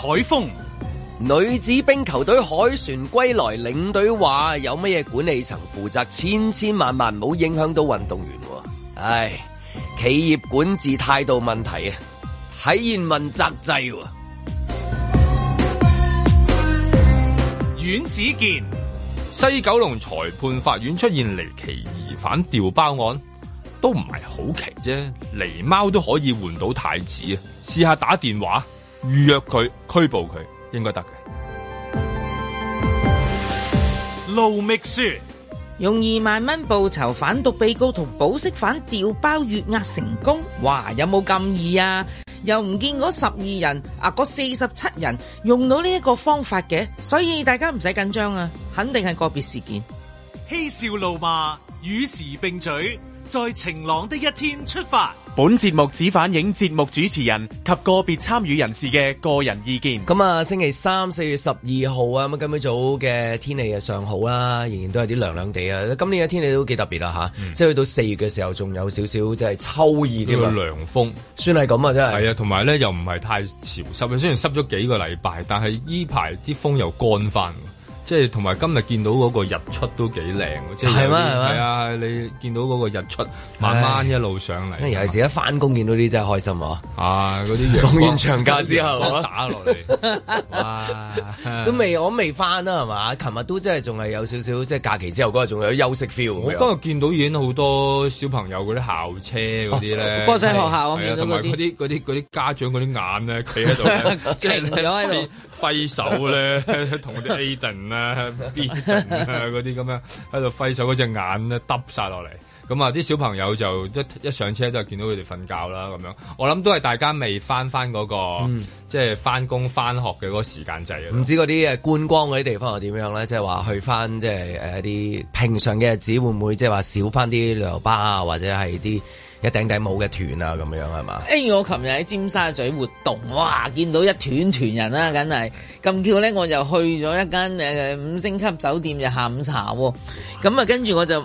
海峰女子冰球隊凱旋歸來，領隊話：有乜嘢管理層負責千千萬萬，唔好影響到運動員。唉，企業管治態度問題啊，體現問責制。阮子健，西九龍裁判法院出現離奇疑犯調包案，都唔係好奇啫，狸貓都可以換到太子啊！試下打電話。預約佢拘捕佢應該得嘅。勞密雪用二萬蚊報酬反毒被告同保釋犯調包，越押成功，哇！有冇咁易啊？又唔見嗰十二人啊，嗰四十七人用到呢一個方法嘅，所以大家唔使緊張啊，肯定係個別事件。嬉笑怒罵與時並舉，在晴朗的一天出發。本節目只反映節目主持人及個別參與人士嘅個人意見。咁啊，星期三，四月十二號啊，咁今日早嘅天氣啊，尚好啊，仍然都係啲涼涼地啊。今年嘅天氣都幾特別啦吓，嗯、即係去到四月嘅時候，仲有少少即係秋意添啊。涼風算係咁啊，真係。係啊，同埋咧又唔係太潮濕啊，雖然濕咗幾個禮拜，但係呢排啲風又乾翻。即係同埋今日見到嗰個日出都幾靚，即係係啊！你見到嗰個日出慢慢一路上嚟，尤其是一翻工見到啲真係開心啊！啊！嗰啲陽光放完長假之後打落嚟都未我未翻啦，係嘛？琴日都真係仲係有少少即係假期之後嗰日仲有休息 feel。我今日見到已經好多小朋友嗰啲校車嗰啲咧，嗰陣喺學校我見到嗰啲嗰啲嗰啲家長嗰啲眼咧佢喺度企喺度。揮手咧，同啲 A 登啊、 B 登啊嗰啲咁樣喺度揮手，嗰隻眼咧耷晒落嚟。咁啊，啲小朋友就一一上車就係見到佢哋瞓覺啦。咁樣我諗都係大家未翻翻嗰、嗰個、嗯、即係翻工翻學嘅嗰個時間制啊。唔知嗰啲誒觀光嗰啲地方又點樣咧？即係話去翻即係誒一啲平常嘅日子會唔會即係話少翻啲旅遊巴啊，或者係啲。一頂頂帽嘅團啊，咁樣係嘛？誒，我琴日喺尖沙咀活動，哇，見到一團團人啦、啊，梗係咁巧咧，我就去咗一間誒五星級酒店嘅下午茶喎，咁啊跟住我就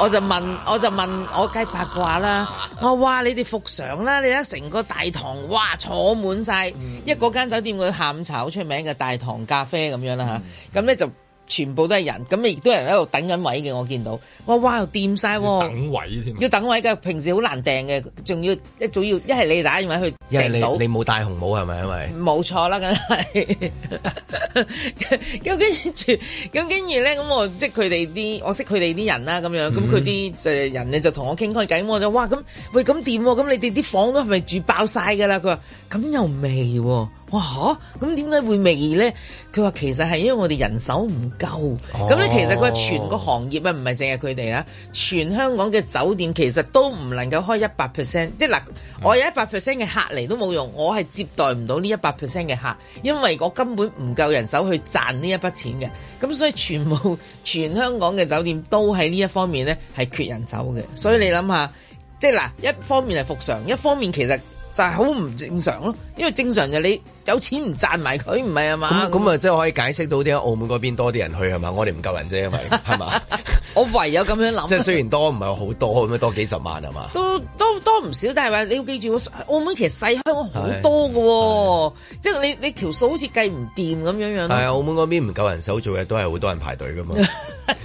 我就問哇我就問我梗八卦啦，我話：哇，你哋復常啦，你睇成個大堂，哇，坐滿晒。因為嗰間酒店佢下午茶好出、嗯、名嘅大堂咖啡咁樣啦嚇，咁、嗯、咧、嗯嗯嗯、就。全部都係人，咁亦都有人喺度等緊位嘅，我見到哇哇，掂晒等位添，要等位嘅，平時好難訂嘅，仲要一早要一係你打電話去訂到，你冇戴紅帽係咪？因為冇錯啦，梗係咁跟住，咁跟住咧，咁我即係佢哋啲，我識佢哋啲人啦，咁樣，咁佢啲就人咧就同我傾開偈，我就、嗯、哇咁，喂咁掂喎，咁、啊、你哋啲房都係咪住爆晒㗎啦？佢話咁又未喎。哇咁點解會未呢？佢話其實係因為我哋人手唔夠。咁咧、哦、其實佢話全個行業啊，唔係淨係佢哋啊，全香港嘅酒店其實都唔能夠開一百 percent。即係嗱，我有一百 percent 嘅客嚟都冇用，我係接待唔到呢一百 percent 嘅客，因為我根本唔夠人手去賺呢一筆錢嘅。咁所以全部全香港嘅酒店都喺呢一方面呢係缺人手嘅。所以你諗下，嗯、即係嗱，一方面係復常，一方面其實就係好唔正常咯。因為正常就你。有錢唔賺埋佢唔係啊嘛？咁咁啊，即係可以解釋到啲喺澳門嗰邊多啲人去係嘛？我哋唔夠人啫，因為係嘛？ 我唯有咁樣諗。即係雖然多，多，唔係好多咁樣多幾十萬係嘛？都都多唔少，但係話你要記住，澳門其實細香港好多嘅，即係你你條數好似計唔掂咁樣樣。係啊，澳門嗰邊唔夠人手做嘢，都係好多人排隊噶嘛，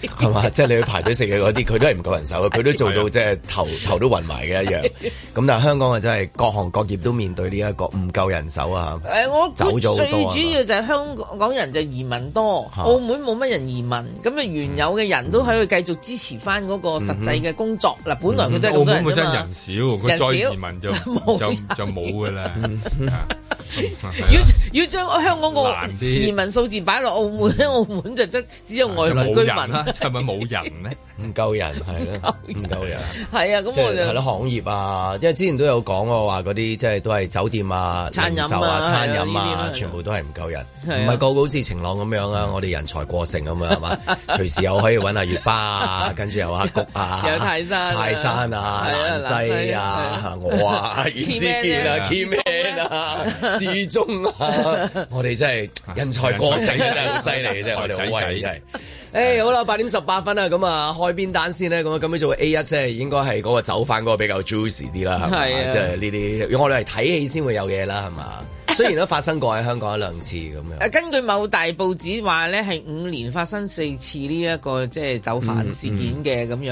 係嘛？ 即係你去排隊食嘢嗰啲，佢都係唔夠人手，佢都做到即係頭的頭都暈埋嘅一樣。咁的的但係香港啊，真係各行各業都面對呢一個唔夠人手啊。我最主要就係香港人就移民多，啊、澳門冇乜人移民，咁啊原有嘅人都喺度繼續支持翻嗰個實際嘅工作。嗱、嗯哼，本來佢都係澳門本身人少，佢少再移民就人就就冇嘅啦。要要將香港個移民數字擺落澳門咧，嗯、哼澳門就得只有外來居民啦。係咪冇人咧、啊？ 是唔夠人，係咯，唔夠人，係啊，咁我就係咯，行業啊，因為之前都有講過話嗰啲，即係都係酒店啊、餐飲啊、餐飲啊，全部都係唔夠人，唔係個個好似晴朗咁樣啊，我哋人才過剩咁樣啊，係嘛？隨時又可以揾下粵巴啊，跟住又下谷啊，有泰山、泰山啊、西啊，我啊，天健啊、天健啊、志忠啊，我哋真係人才過剩，真係好犀利，真係我哋好威，真誒、欸，好啦，八點十八分啦，咁、嗯、啊，開邊單先咧？咁啊，咁樣做 A 一，即係應該係嗰個走犯嗰個比較 juicy 啲啦，係嘛？即係呢啲，我哋係睇戲先會有嘢啦，係嘛？雖然都發生過喺香港一兩次咁樣。誒，根據某大報紙話咧，係五年發生四次呢、這、一個即係、就是、走犯事件嘅咁、嗯嗯、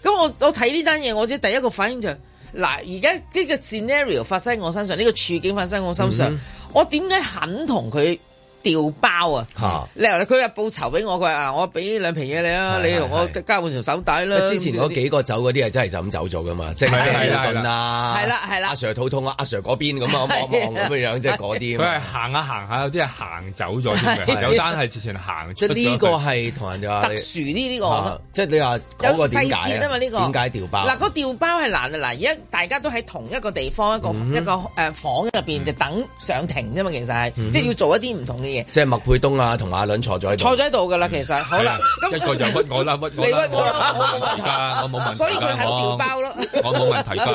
樣。咁我我睇呢單嘢，我即係第一個反應就是，嗱，而家呢個 scenario 發生喺我身上，呢、這個處境發生喺我身上，嗯、我點解肯同佢？掉包啊！嚇，你佢話報酬俾我，佢啊，我俾兩瓶嘢你啊，你同我交換條手帶啦。之前嗰幾個走嗰啲係真係就咁走咗噶嘛，即係要遁啦。係啦係啦，阿 Sir 肚痛啊，阿 Sir 嗰邊咁啊，望望咁樣即係嗰啲。佢係行下行下，有啲係行走咗啲嘅。有單係之前行，即呢個係同人哋話特殊呢？呢個即係你話有個點解？點解掉包？嗱，個掉包係難啊！嗱，而家大家都喺同一個地方，一個一個誒房入邊就等上庭啫嘛，其實係即係要做一啲唔同嘅。即係麥佩東啊，同阿倫坐咗喺度，坐咗喺度噶啦，其實好啦。一個就屈我啦，屈我屈我。而家我冇問題㗎，所以佢係調包咯。我冇問題㗎。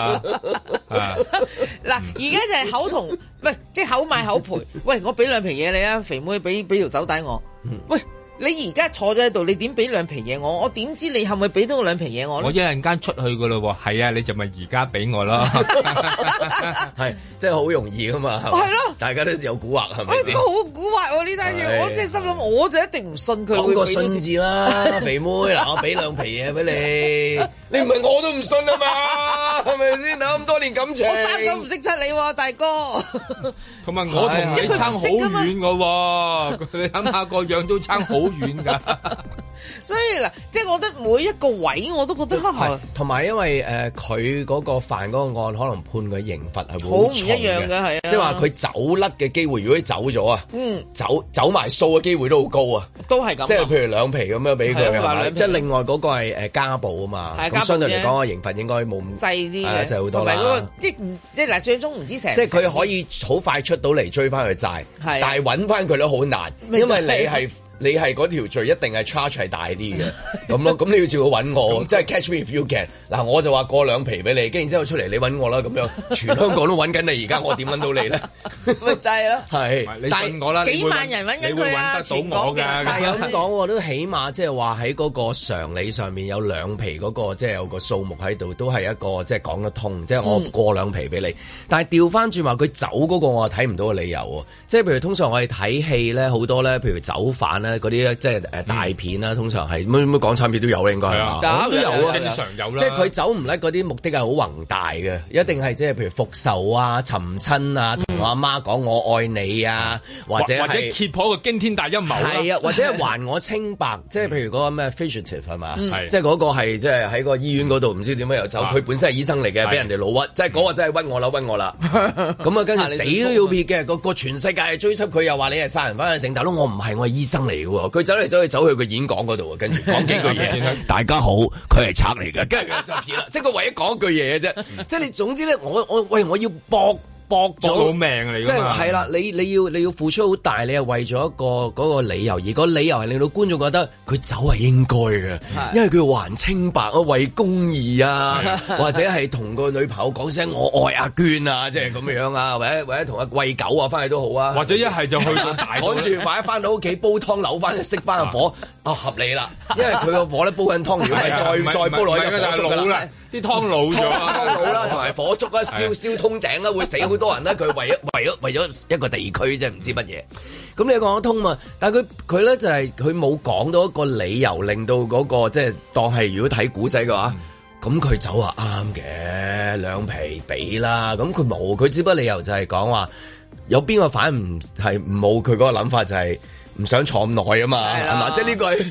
嗱，而家就係口同，唔係即係口買口賠。喂，我俾兩瓶嘢你啊，肥妹，俾俾條酒帶我。喂。你而家坐咗喺度，你點俾兩皮嘢我？我點知你係咪俾到兩皮嘢我？我一陣間出去噶咯，係啊，你就咪而家俾我咯。係，真係好容易噶嘛。係咯，大家都有蠱惑，係咪？我好蠱惑，呢單嘢，我真係心諗，我就一定唔信佢。講個信字啦，肥妹，嗱，我俾兩皮嘢俾你，你唔係我都唔信啊嘛，係咪先？諗咁多年感情，我生都唔識出你，大哥。同埋我同你差好遠噶，你諗下個樣都差好。好遠噶，所以嗱，即係我覺得每一個位我都覺得係，同埋因為誒佢嗰個犯嗰個案可能判佢刑罰係好唔一樣嘅，係即係話佢走甩嘅機會，如果你走咗啊，嗯，走走埋數嘅機會都好高啊，都係咁，即係譬如兩皮咁樣俾佢即係另外嗰個係誒家暴啊嘛，咁相對嚟講個刑罰應該冇咁細啲細好多，即係即嗱，最終唔知成，即係佢可以好快出到嚟追翻佢債，但係搵翻佢都好難，因為你係。你係嗰條罪一定係 charge 係大啲嘅，咁咯，咁你要照揾我，即係 catch me if you can。嗱，我就話過兩皮俾你，跟然之後出嚟你揾我啦。咁樣全香港都揾緊你，而家我點揾到你咧？咪真係咯，係，我啦！幾萬人揾緊佢啊，全香港嘅，係咁講喎，都起碼即係話喺嗰個常理上面有兩皮嗰個即係有個數目喺度，都係一個即係講得通，即係我過兩皮俾你。但係調翻轉話佢走嗰個我睇唔到嘅理由喎，即係譬如通常我哋睇戲咧好多咧，譬如走犯。嗰啲即係誒大片啦，通常係乜乜港產片都有啦，應該係嘛？啊都有啊，正常有啦。即係佢走唔甩嗰啲目的係好宏大嘅，一定係即係譬如復仇啊、尋親啊、同阿媽講我愛你啊，或者或者揭破個驚天大陰謀啦，係啊，或者還我清白，即係譬如嗰個咩《Fugitive》係嘛？即係嗰個係即係喺個醫院嗰度唔知點樣又走，佢本身係醫生嚟嘅，俾人哋老屈，即係嗰個真係屈我啦，屈我啦。咁啊，跟住死都要撇嘅，個個全世界追緝佢，又話你係殺人犯嘅，成大佬我唔係，我係醫生嚟。佢走嚟走去走去個演講嗰度啊，跟住講幾句嘢， 大家好，佢係賊嚟㗎，跟住就截啦，即係佢唯一講句嘢嘅啫，即係你總之咧，我我喂我要搏。搏咗命嚟，你即係係啦！你你要你要付出好大，你係為咗一個嗰個理由，而個理由係令到觀眾覺得佢走係應該嘅，因為佢還清白啊，為公義啊，或者係同個女朋友講聲我愛阿娟啊，即係咁樣啊，或者或者同阿貴狗啊翻去都好啊，或者一係就去到大買，趕住萬一翻到屋企煲湯扭翻熄翻個火，啊合理啦，因為佢個火咧煲緊湯，如果係再再煲落去。老啲湯老咗啦，同埋火燭啦，燒燒通頂啦，會死好多人咧。佢為咗為咗為咗一個地區啫，唔知乜嘢。咁你講得通嘛，但係佢佢咧就係佢冇講到一個理由，令到嗰個即係當係如果睇古仔嘅話，咁佢走啊啱嘅兩皮畀啦。咁佢冇，佢只不理由就係講話有邊個反而唔係冇佢嗰個諗法，就係唔想坐耐啊嘛，係嘛？即係呢個係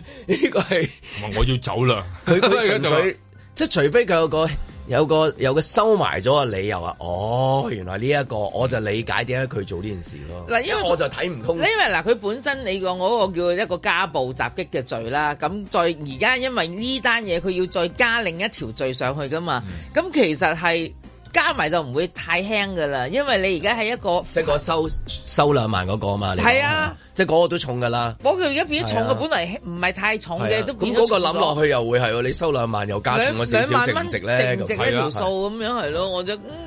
呢個係，我要走啦。佢佢純粹。即係除非佢有個有個有個收埋咗嘅理由啊！哦，原來呢、這、一個我就理解點解佢做呢件事咯。嗱，因為，因為我就睇唔通。因為嗱，佢本身你講我嗰個叫一個家暴襲擊嘅罪啦，咁再而家因為呢單嘢，佢要再加另一條罪上去㗎嘛。咁、嗯、其實係。加埋就唔會太輕噶啦，因為你而家係一個即係嗰個收收兩萬嗰個啊嘛，係啊，即係嗰個都重噶啦。嗰個而家變咗重，佢、啊、本嚟唔係太重嘅、啊、都變咗重。嗰個諗落去又會係喎，你收兩萬又加重咗少少值咧，咁係啦。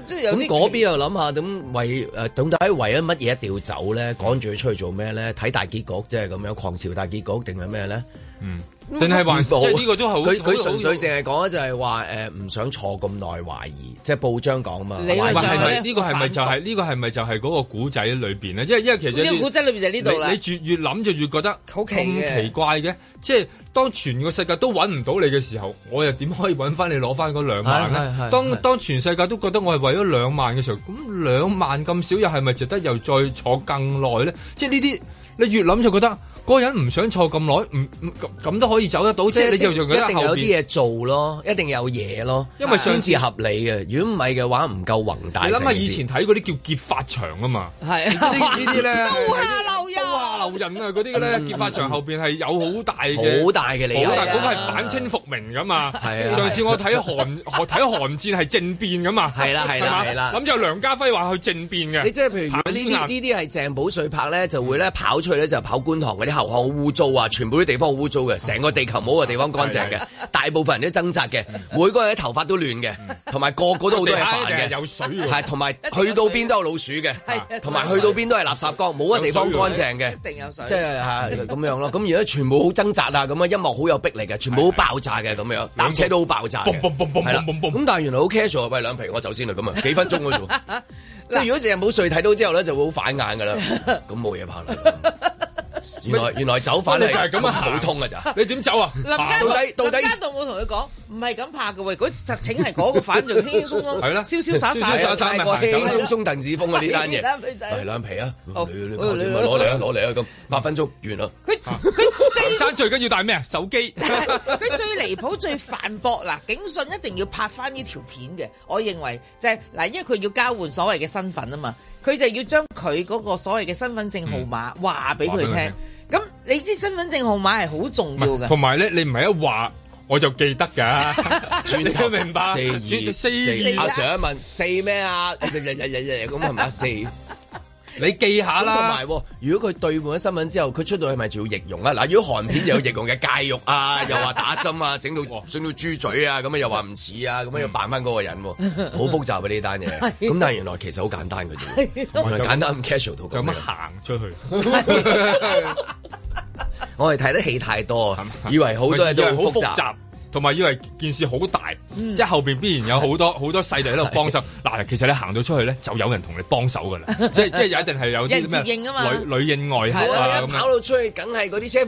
咁嗰邊又諗下，咁為誒總體為咗乜嘢一定要走咧？趕住佢出去做咩咧？睇大結局即係，咁樣狂潮大結局定係咩咧？嗯。定係話即係呢個都係佢佢純粹淨係講就係話誒唔想坐咁耐懷疑，即係報章講嘛。你懷疑係咪呢個係咪就係呢個係咪就係嗰個古仔裏邊咧？因為因為其實，從啲古仔裏邊就係呢度啦。你越越諗就越覺得好奇怪嘅。即係當全個世界都揾唔到你嘅時候，我又點可以揾翻你攞翻嗰兩萬咧？當當全世界都覺得我係為咗兩萬嘅時候，咁兩萬咁少又係咪值得又再坐更耐咧？即係呢啲你越諗就覺得。嗰個人唔想坐咁耐，唔咁都可以走得到，啫。你就仲覺得有啲嘢做咯，一定有嘢咯，因為先至合理嘅。如果唔係嘅話，唔夠宏大。你諗下以前睇嗰啲叫劫法場啊嘛，係呢啲咧，刀下留人，刀下留人啊！嗰啲嘅咧，劫法場後邊係有好大嘅好大嘅理由。好大嗰係反清復明噶嘛？上次我睇寒睇寒戰係政變噶嘛？係啦係啦係啦！諗住梁家輝話去政變嘅，你即係譬如呢啲呢啲係鄭保瑞拍咧，就會咧跑出咧就跑觀塘啲。頭好污糟啊！全部啲地方好污糟嘅，成個地球冇一個地方乾淨嘅，大部分人都掙扎嘅，每個人啲頭髮都亂嘅，同埋個個都好多煩嘅。有水喎，係同埋去到邊都有老鼠嘅，同埋去到邊都係垃圾缸，冇一個地方乾淨嘅。一定有水。即係吓咁樣咯。咁而家全部好掙扎啊！咁啊，音樂好有逼力嘅，全部好爆炸嘅咁樣，搭車都好爆炸。嘣嘣嘣嘣，咁但係原來好 casual，喂，兩瓶我走先啦，咁啊，幾分鐘嘅啫。即係如果成日冇睡睇到之後咧，就會好反眼噶啦。咁冇嘢拍啦。原來原來走反嚟係咁啊，好痛啊咋？你點走啊？到底到底林家棟有冇同佢講？唔係咁怕嘅喎，佢實情係嗰個反仲輕輕鬆鬆，係啦，瀟瀟灑灑，大快氣氣鬆鬆鄧子峰啊！呢單嘢係攬皮啊！攞嚟啊！攞嚟啊！咁八分鐘完啦。佢佢最山最緊要帶咩啊？手機。佢最離譜、最反駁嗱，警訊一定要拍翻呢條片嘅。我認為就係嗱，因為佢要交換所謂嘅身份啊嘛，佢就要將佢嗰個所謂嘅身份證號碼話俾佢聽。咁你知身份證號碼係好重要嘅，同埋咧你唔係一話我就記得噶， 來 你明白？四二四二加上一問四咩啊？日日日日日咁係咪四？ 你記下啦。同埋，如果佢對換咗新聞之後，佢出到係咪仲要易容啊？嗱，如果韓片又有易容嘅雞肉啊，又話打針啊，整到整到豬嘴啊，咁啊又話唔似啊，咁啊要扮翻嗰個人、啊，好、嗯、複雜嘅呢單嘢。咁 但原來其實好簡單嘅啫， 原來、就是、 簡單咁 casual 到咁樣行出去。 我係睇得戲太多，以為好多嘢都好複雜。同埋，因為件事好大，即係後邊必然有好多好多勢力喺度幫手。嗱，其實你行到出去咧，就有人同你幫手㗎喇。即係即係有一定係有啲咩女女應外係啦。咁跑到出去，梗係嗰啲車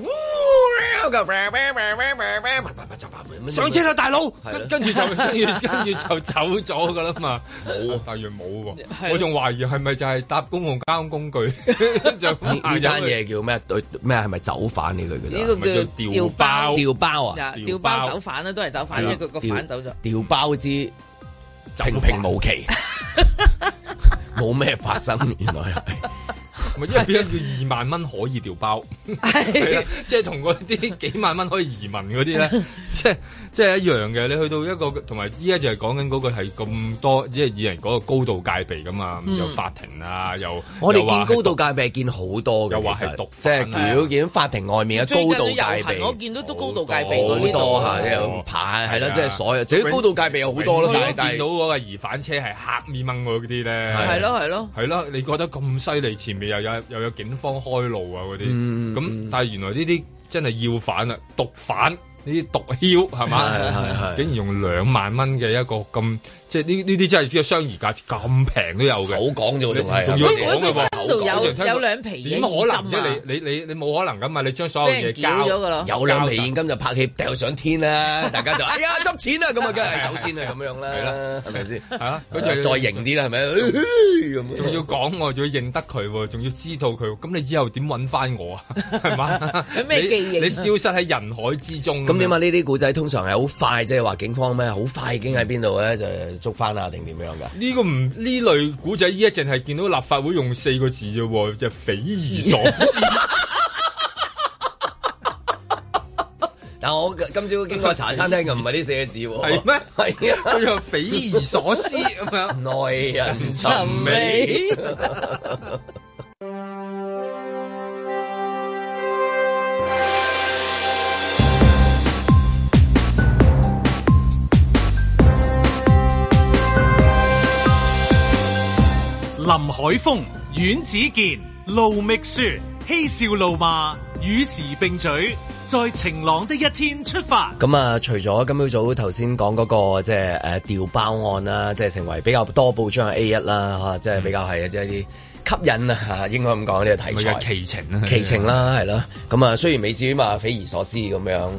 上車啦，大佬。跟住就跟住跟住就走咗㗎喇嘛。冇，大約冇喎。我仲懷疑係咪就係搭公共交通工具就呢單嘢叫咩？對咩係咪走反呢類㗎？呢個叫調包調包啊？調包走反，都係走反，一個個反走咗，掉，掉包之平平無奇，冇咩 發生， 原來係咪 因為邊個要二萬蚊可以掉包？即係同嗰啲幾萬蚊可以移民嗰啲咧，即係。即係一樣嘅，你去到一個同埋依家就係講緊嗰個係咁多，即係以人嗰個高度戒備噶嘛，咁就法庭啊，又我哋見高度戒備係見好多嘅，又話係毒販，即係屌見到法庭外面嘅高度戒備，我見到都高度戒備㗎呢度，好多下又排，係咯，即係所有，仲有高度戒備有好多咯。但係見到嗰個疑犯車係黑面掹嗰啲咧，係咯係咯係咯，你覺得咁犀利，前面又有又有警方開路啊嗰啲，咁但係原來呢啲真係要犯啊，毒販。呢啲毒梟係嘛？係係係，竟然用兩萬蚊嘅一個咁，即係呢呢啲真係呢個商業價值咁平都有嘅。好講啫喎，仲係仲要喺佢身度有有兩皮現金，點可能啫？你你你你冇可能咁嘛？你將所有嘢交咗㗎咯，有兩皮現金就拍戲掉上天啦！大家就哎呀執錢啦咁啊，梗係走先啦咁樣啦，係咪先？係啦，跟住再認啲啦，係咪？仲要講喎，仲要認得佢喎，仲要知道佢，咁你以後點揾翻我啊？係嘛？咩記憶？你消失喺人海之中。點解！呢啲古仔通常係好快，即係話警方咩？好快已經喺邊度咧，就捉翻啊，定點樣噶呢個唔呢類古仔依家淨係見到立法會用四個字啫，就係匪夷所思。但我今朝經過茶餐廳嘅唔係呢四個字，係咩？係啊塵，就匪夷所思咁樣，耐人尋味。林海峰、阮子健、盧覓雪嬉笑怒罵，與時並舉，在晴朗的一天出發。咁、那個就是、啊，除咗今朝早頭先講嗰個即係誒調包案啦，即、就、係、是、成為比較多報章嘅 A 一啦、嗯，吓、啊、即係比較係即係一啲吸引啊吓，應該咁講呢個題材。咪就奇，奇情啦，奇情、啊、啦，係咯。咁啊，雖然未至於嘛匪夷所思咁樣。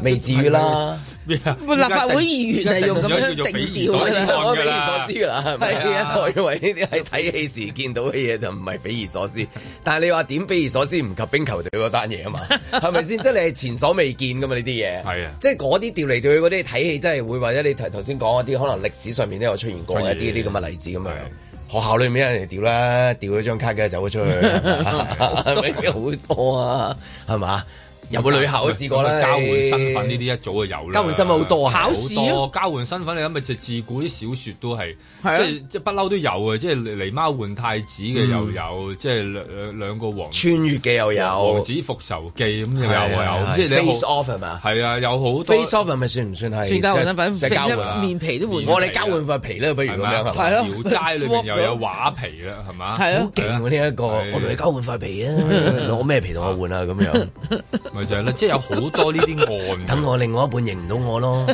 未至於啦，立法會議員係用咁樣調，匪夷所思噶啦，係咪？我以為呢啲係睇戲時見到嘅嘢就唔係匪夷所思，但係你話點匪夷所思唔及冰球隊嗰單嘢啊嘛，係咪先？即係你係前所未見噶嘛呢啲嘢，係啊，即係嗰啲調嚟調去嗰啲睇戲，真係會或者你頭先講嗰啲可能歷史上面都有出現過一啲啲咁嘅例子咁樣，學校裏面有人嚟調啦，調咗張卡走咗出去，係咪好多啊？係嘛？有冇旅客都試過咧？交換身份呢啲一早就有。交換身份好多啊，考試交換身份你諗咪就自古啲小説都係即即不嬲都有啊。即狸貓換太子嘅又有，即兩兩個王穿越嘅又有，王子復仇記咁又有，即 Face Off 係咪啊？係啊，有好多 Face Off 係咪算唔算係？換身份即交換面皮都換，我哋交換塊皮咧，不如咁樣係咯。聊齋裏面又有畫皮啦，係嘛？係啊，好勁喎！呢一個我同你交換塊皮啊，攞我咩皮同我換啊咁樣。就係啦，即係有好多呢啲案。等我另外一半認唔到我咯，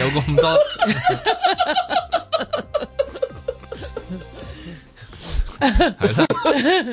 有咁多係啦。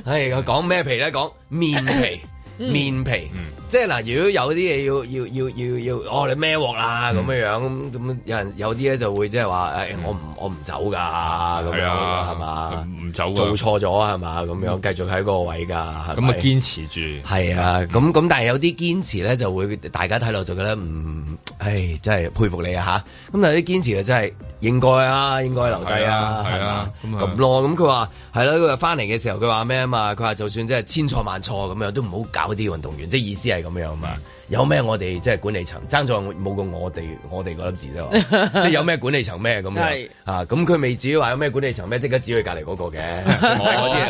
唉，講咩皮咧？講面皮，面皮。即係嗱，如果有啲嘢要要要要要，哦你孭鑊啦咁嘅樣，咁有人有啲咧就會即係話，誒、哎、我唔我唔走噶，係、嗯嗯、啊，係、嗯、嘛，唔走，做錯咗係嘛，咁樣繼續喺嗰個位㗎，咁啊堅持住，係啊，咁咁但係有啲堅持咧就會大家睇落就覺得唔、嗯，唉真係佩服你啊吓，咁但係啲堅持啊真係應該啊，應該留低啊，係啊，咁吧、嗯、咯，咁佢話係啦，佢話翻嚟嘅時候佢話咩啊嘛，佢話就算即係千錯萬錯咁樣都唔好搞啲運動員，即係意思係。咁樣嘛。有咩我哋即係管理層爭在冇過我哋我哋嗰粒字啫，即係有咩管理層咩咁樣啊？咁佢未至於話有咩管理層咩，即刻指去隔籬嗰個嘅。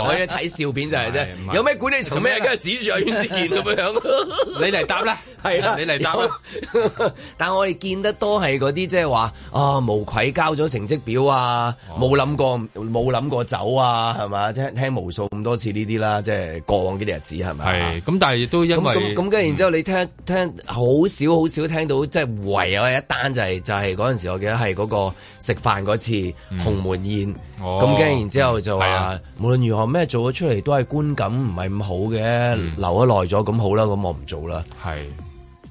我一睇笑片就係啫，有咩管理層咩，跟住指住阿袁子健咁樣。你嚟答啦，係啦，你嚟答。但我哋見得多係嗰啲即係話啊，無愧交咗成績表啊，冇諗過冇諗過走啊，係嘛？即係聽無數咁多次呢啲啦，即係過往嗰啲日子係咪？」咁，但係亦都因為咁然之後你聽。聽好少好少聽到，即係唯有一單就係、係、就係嗰陣時，我記得係嗰個食飯嗰次鴻、嗯、門宴。咁跟住然之後就話，嗯啊、無論如何咩做咗出嚟都係觀感唔係咁好嘅，嗯、留咗耐咗咁好啦，咁我唔做啦。係，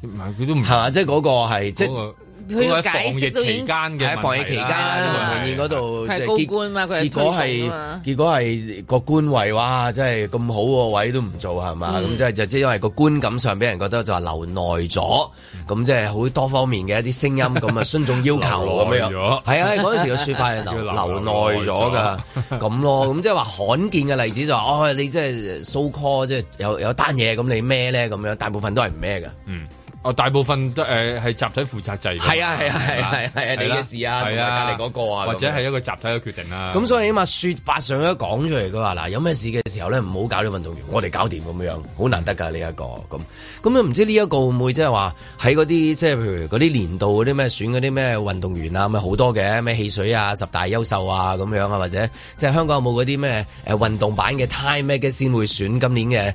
唔係佢都唔係嘛？即係嗰個係、嗰個、即。嗰個佢喺防疫期間嘅，喺防疫期間啦，喺文貿院嗰度，係高官嘛，佢係高官啊嘛。結果係結果係個官位，哇！即係咁好個位都唔做，係嘛？咁即係即係因為個觀感上，俾人覺得就話留耐咗，咁即係好多方面嘅一啲聲音，咁啊，尊重要求咁樣。係啊，嗰陣時嘅説法係留耐咗噶，咁咯，咁即係話罕見嘅例子就話，哦，你即係 so call 即係有有單嘢，咁你孭咧？咁樣大部分都係唔孭嘅，嗯。哦，大部分都誒係集體負責制，係啊係啊係係係你嘅事啊，係啊隔離嗰個啊，或者係一個集體嘅決定啦，啊。咁所以起碼説法上一講出嚟嘅話，嗱，有咩事嘅時候咧，唔好搞啲運動員，我哋搞掂咁樣，好難得㗎呢一個。咁咁唔知呢一個會唔會即係話喺嗰啲即係譬如嗰啲年度嗰啲咩選嗰啲咩運動員啊，好多嘅咩汽水啊十大優秀啊咁樣啊，或者即係香港有冇嗰啲咩誒運動版嘅 Time Mag 先會選今年嘅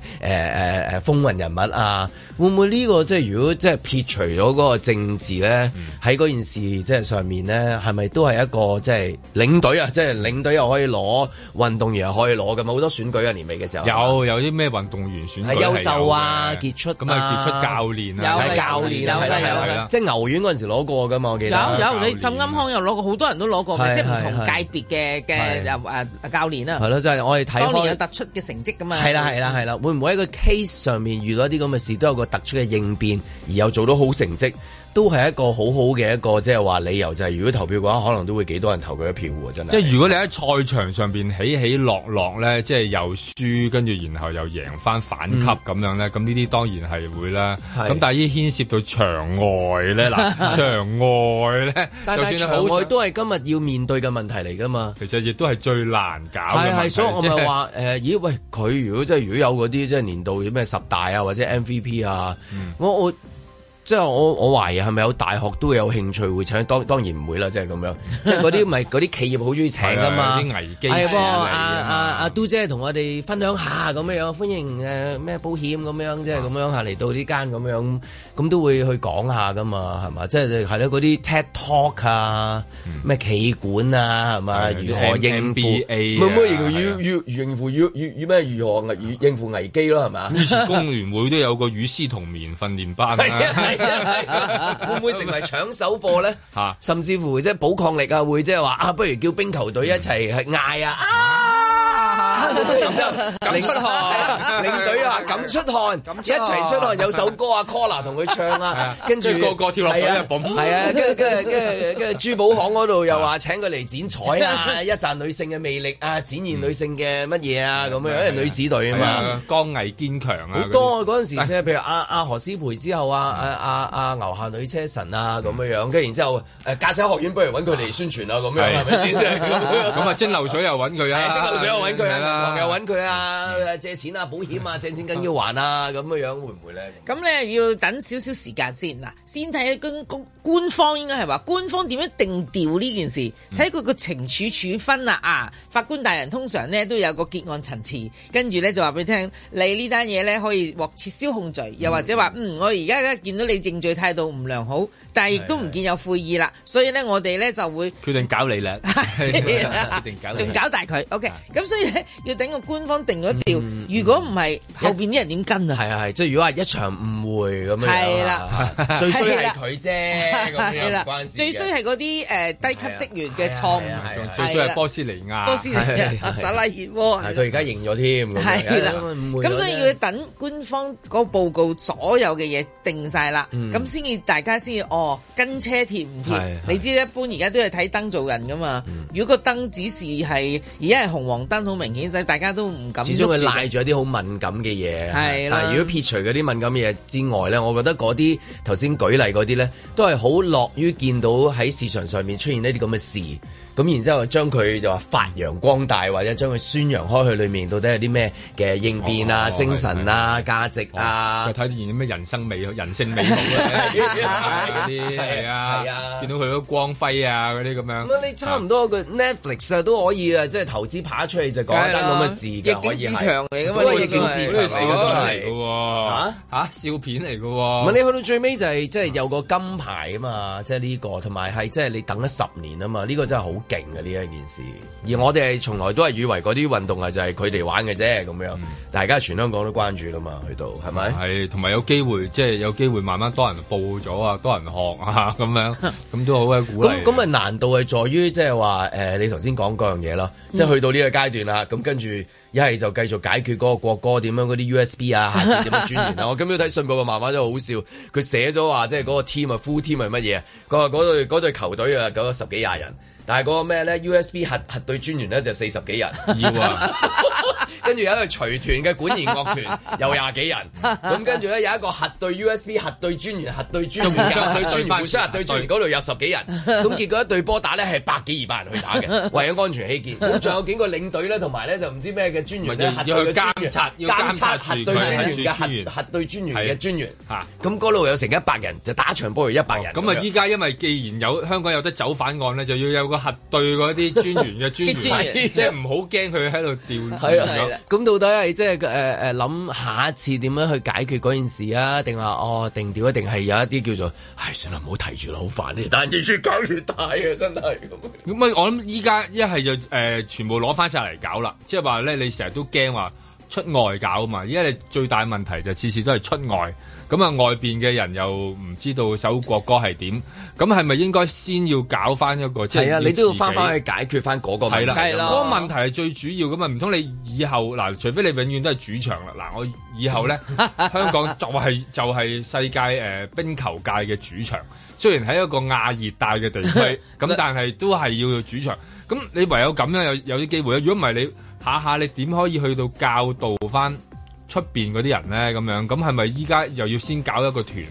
誒誒誒風雲人物啊？會唔會呢個即係如果？即係撇除咗嗰個政治咧，喺嗰件事即係上面咧，係咪都係一個即係領隊啊？即係領隊又可以攞運動員又可以攞嘅嘛？好多選舉啊年尾嘅時候有有啲咩運動員選係優秀啊，傑出咁啊傑出教練啊，係教練啊，係啊，即係牛丸嗰陣時攞過嘅嘛，我記得有有你浸金康又攞過，好多人都攞過嘅，即係唔同界別嘅嘅又教練啊，係咯，即係我哋睇當年有突出嘅成績嘅嘛，係啦係啦係啦，會唔會喺個 case 上面遇到一啲咁嘅事，都有個突出嘅應變？而又做到好成績，都係一個好好嘅一個即係話理由，就係，就係如果投票嘅話，可能都會幾多人投佢一票喎，真係。 即係如果你喺賽場上邊起起落落咧，即係又輸跟住然後又贏翻反級咁、嗯、樣咧，咁呢啲當然係會啦。咁是但係依牽涉到場外咧，嗱 場外咧，就算係場外都係今日要面對嘅問題嚟㗎嘛。其實亦都係最難搞嘅問題。係係，所以我咪話誒，咦喂、 呃，佢、呃、如果即係如，如果有嗰啲即係年度咩十大啊或者 MVP 啊，我我、嗯。即係我我懷疑係咪有大學都有興趣會請？當當然唔會啦，即係咁樣。即係嗰啲唔係啲企業好鍾意請㗎嘛？係喎、嗯，阿阿都姐同我哋分享下咁樣樣，歡迎誒咩、啊、保險咁樣，即係咁樣下嚟到呢間咁樣，咁都會去講下㗎嘛，係嘛？即係係啦，嗰啲 TED Talk 啊，咩企管啊，係嘛？嗯、如何應付？冇冇要要應付要咩？啊、如何應付危機啦，係嘛？以前工聯會都有個與絲同眠訓練班 係、 啊啊啊啊、會唔會成為搶手貨咧？吓、啊，甚至乎即係補抗力啊，會即係話啊，不如叫冰球隊一齊去嗌啊！嗯啊啊咁出汗，領隊啊，咁出汗，一齊出汗。有首歌啊，Collar 同佢唱啊，跟住個個跳落水啊，係啊，跟跟跟跟住珠寶行嗰度又話請佢嚟剪彩啊，一讚女性嘅魅力啊，展現女性嘅乜嘢啊，咁樣，因為女子隊啊嘛，剛毅堅強啊，好多嗰陣時即係譬如阿阿何詩蓓之後啊，阿阿阿牛下女車神啊，咁樣樣，跟住然之後誒駕駛學院不如揾佢嚟宣傳啊，咁樣咁啊蒸餾水又揾佢啊，水又佢。又揾佢啊！借錢啊，保險啊，借錢梗要還啊！咁嘅樣會唔會咧？咁咧要等少少時間先嗱，先睇下官官官方應該係話，官方點樣定調呢件事？睇佢個懲處處分啦，啊，啊！法官大人通常咧都有個結案層次，跟住咧就話俾你聽，你呢單嘢咧可以獲撤銷控罪，又或者話嗯，我而家咧見到你證罪態度唔良好，但係亦都唔見有悔意啦，所以咧我哋咧就會決定搞你啦， 決定搞你，仲 搞大佢。OK，咁所以呢。要等個官方定咗調，如果唔係後邊啲人點跟啊？係啊係，即係如果話一場誤會咁樣啦。係啦，最衰係佢啫。係啦，最衰係嗰啲誒低級職員嘅錯誤。最衰係波斯尼亞、波斯尼亞、薩拉熱窩。係佢而家認咗添。係啦，咁所以要等官方嗰個報告，所有嘅嘢定曬啦，咁先至大家先至哦跟車貼唔貼？你知一般而家都係睇燈做人噶嘛。如果個燈指示係而家係紅黃燈，好明顯。其大家都唔敢，始終佢咗一啲好敏感嘅嘢。係啦的，但如果撇除嗰啲敏感嘅嘢之外咧，我覺得嗰啲頭先舉例嗰啲咧，都係好樂於見到喺市場上面出現呢啲咁嘅事。咁然之後將佢又話發揚光大，或者將佢宣揚開去裏面，到底有啲咩嘅應變啊、精神啊、價值啊，睇啲咩人生美、人性美好啦，嗰啲係啊，見到佢嗰光輝啊，嗰啲咁樣。唔係你差唔多個 Netflix 啊都可以啊，即係投資拍出去就講單咁嘅事嘅，逆境之強嚟㗎嘛，逆境之強嚟㗎喎。嚇嚇笑片嚟㗎喎。唔係你去到最尾就係即係有個金牌啊嘛，即係呢個，同埋係即係你等咗十年啊嘛，呢個真係好。勁嘅呢一件事，而我哋係從來都係以為嗰啲運動啊就係佢哋玩嘅啫，咁樣，大家全香港都關注啦嘛，去到係咪？係、嗯，同埋吧有機會，即、就、係、是、有機會慢慢多人報咗啊，多人學啊，咁樣，咁都好嘅鼓勵。咁咁啊， 難度係在於即係話誒，你頭先講嗰樣嘢咯，即、就、係、是、去到呢個階段啦，咁、嗯、跟住一係就繼續解決嗰個國歌點樣，嗰啲 USB 啊，下次點樣鑽研啊。 我今日睇信報嘅漫畫都好笑，佢寫咗話即係嗰個 team 啊，full team 係乜嘢？佢話嗰隊球隊啊，九咗十幾廿人，人。但係嗰個咩咧？USB 核核對專員咧就四十幾人，要啊。 跟住有一個隨團嘅管弦樂團，有廿幾人。咁跟住咧有一個核對 USB 核對專員、核對專員、核對專員、核對專員，嗰度有十幾人。咁結果一對波打咧係百幾二百人去打嘅，為咗安全起見。咁仲有幾個領隊咧，同埋咧就唔知咩嘅專員要核對去監察、監察核對專員嘅核核對專員嘅專員。嚇！咁嗰度有成一百人就打場波要一百人。咁啊依家因為既然有香港有得走反案咧，就要有個核對嗰啲專員嘅專員，即係唔好驚佢喺度調咁到底係即係誒誒諗下一次點樣去解決嗰件事啊？定話哦定調，一定係有一啲叫做，唉算啦，唔好提住啦，好煩呢。但越出搞越大啊，真係。咁 咪我諗依家一係就誒、呃、全部攞翻晒嚟搞啦，即係話咧你成日都驚話出外搞嘛？而家你最大問題就次、是、次都係出外。咁啊，外邊嘅人又唔知道首國歌係點，咁係咪應該先要搞翻一個？係啊，你都要翻翻去解決翻嗰個問題啊。係啦，啊，嗰個問題係最主要嘅嘛，唔通你以後嗱，除非你永遠都係主場啦。嗱，我以後咧， 香港作為就係、係就係、世界誒、呃、冰球界嘅主場，雖然喺一個亞熱帶嘅地區，咁 但係都係要主場。咁你唯有咁樣有有啲機會啊！如果唔係，你下下你點可以去到教導翻？出邊嗰啲人咧咁樣，咁係咪依家又要先搞一個團？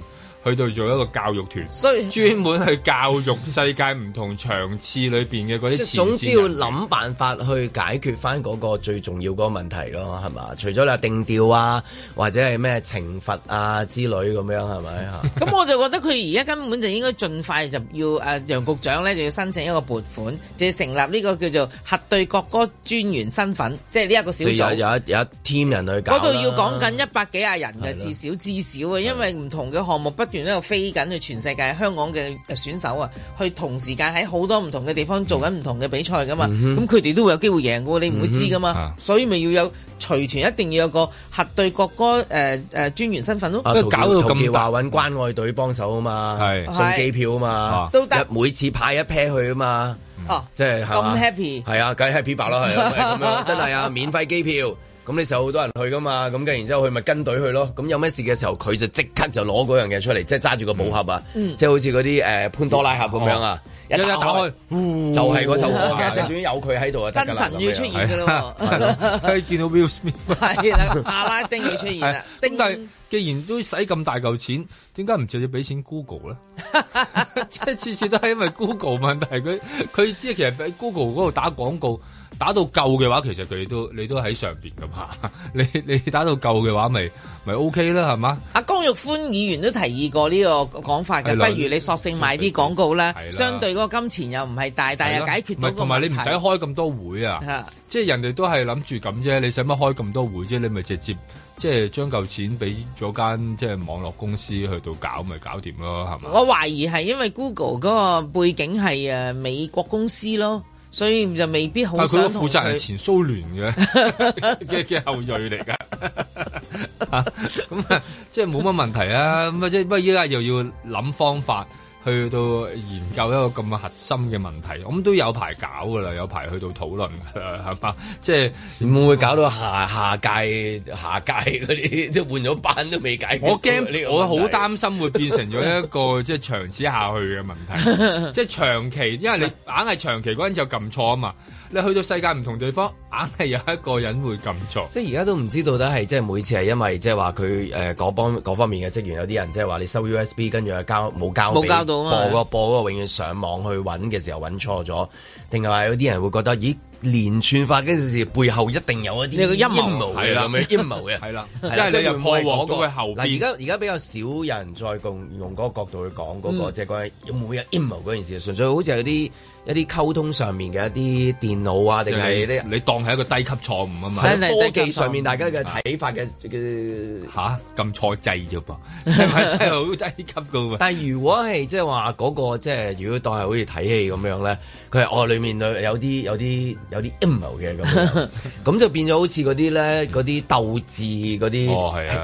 去到做一個教育團，所以專門去教育世界唔同場次裏邊嘅嗰啲。即總之要諗辦法去解決翻嗰個最重要嗰個問題咯，係嘛？除咗你定調啊，或者係咩懲罰啊之類咁樣，係咪？嚇，咁我就覺得佢而家根本就應該盡快就要誒、啊，楊局長咧就要申請一個撥款，就要成立呢個叫做核對國歌專員身份，即係呢一個小組。有有一,一 team 人去搞。嗰度要講緊一百幾廿人嘅是的 至少，至少啊，因為唔同嘅項目不。呢度飛緊去全世界，香港嘅選手啊，去同時間喺好多唔同嘅地方做緊唔同嘅比賽噶嘛，咁佢哋都會有機會贏嘅，你唔會知噶嘛，嗯啊、所以咪要有隨團一定要有個核對國歌誒誒專員身份咯，因為搞到咁大揾關愛隊幫手啊嘛，送機票啊嘛，都得、啊，每次派一 pair 去啊嘛，哦，即係咁 happy，係啊，梗係、就是啊、happy 爆啦、啊，係咁、啊、樣，真係啊，免費機票。咁你時候好多人去噶嘛，咁跟然之後佢咪跟隊去咯。咁有咩事嘅時候，佢就即刻就攞嗰樣嘢出嚟，即係揸住個寶盒啊，即係好似嗰啲誒潘多拉盒咁樣啊，一、嗯、一打開，嗯、就係嗰首歌，即係總之有佢喺度啊，燈神要出現嘅咯，可以見到 Will Smith，阿拉丁要出現啦。丁，但係、 嗯、既然都使咁大嚿錢，點解唔直接俾錢 Google 咧？即係次次都係因為 Google 問題，佢佢即係其實喺 Google 嗰度打廣告。打到夠嘅話，其實佢哋都你都喺上邊㗎嘛？ 你你打到夠嘅話，咪咪 O K 啦，係嘛？阿江玉歡議員都提議過呢個講法嘅，啊、不如你索性買啲廣告啦。的相對嗰個金錢又唔係大，大的又解決到。同埋你唔使開咁多會啊！的即係人哋都係諗住咁啫，你使乜開咁多會啫、啊？你咪直接即係將嚿錢俾咗間即係網絡公司去到搞，咪搞掂咯，係嘛？我懷疑係因為 Google 嗰個背景係誒美國公司咯。所以就未必好想同佢。但係佢個負責人係前蘇聯嘅嘅 後裔嚟㗎、 啊，咁即係冇乜問題啊！咁啊，即係不過依家又要諗方法。去到研究一個咁核心嘅問題，咁都有排搞噶啦，有排去到討論噶啦，係嘛？即係會唔會搞到下下屆、下屆嗰啲，即係換咗班都未解決？我驚怕你個，我好擔心會變成咗一個 即係長此下去嘅問題，即係長期，因為你硬係長期嗰陣就撳錯啊嘛。你去到世界唔同地方，硬係有一個人會咁做。即係而家都唔知道，得係即係每次係因為即係話佢誒嗰方面嘅職員有啲人即係話你收 USB 跟住去交冇交冇交到啊播個，的播，個播個永遠上網去揾嘅時候揾錯咗，定係話有啲人會覺得咦連串發生件事背後一定有一啲陰謀係啦，陰謀嘅係啦，即係你又破壞嗰個。嗱而家而家比較少有人再用用嗰個角度去講嗰、那個，嗯、即係關有冇有，有陰謀嗰件事，純粹好似有啲、嗯。一啲溝通上面嘅一啲電腦啊，定係你，你當係一個低級錯誤啊嘛，真係的科技上面大家嘅睇法嘅嘅嚇咁錯制啫噃， 係係真係好低級噶喎！但係如果係即係話嗰個即係、即係、如果當係好似睇戲咁樣咧，佢係我裏面有啲有啲有啲 emotion 嘅咁，咁 就變咗好似嗰啲咧嗰啲鬥智嗰啲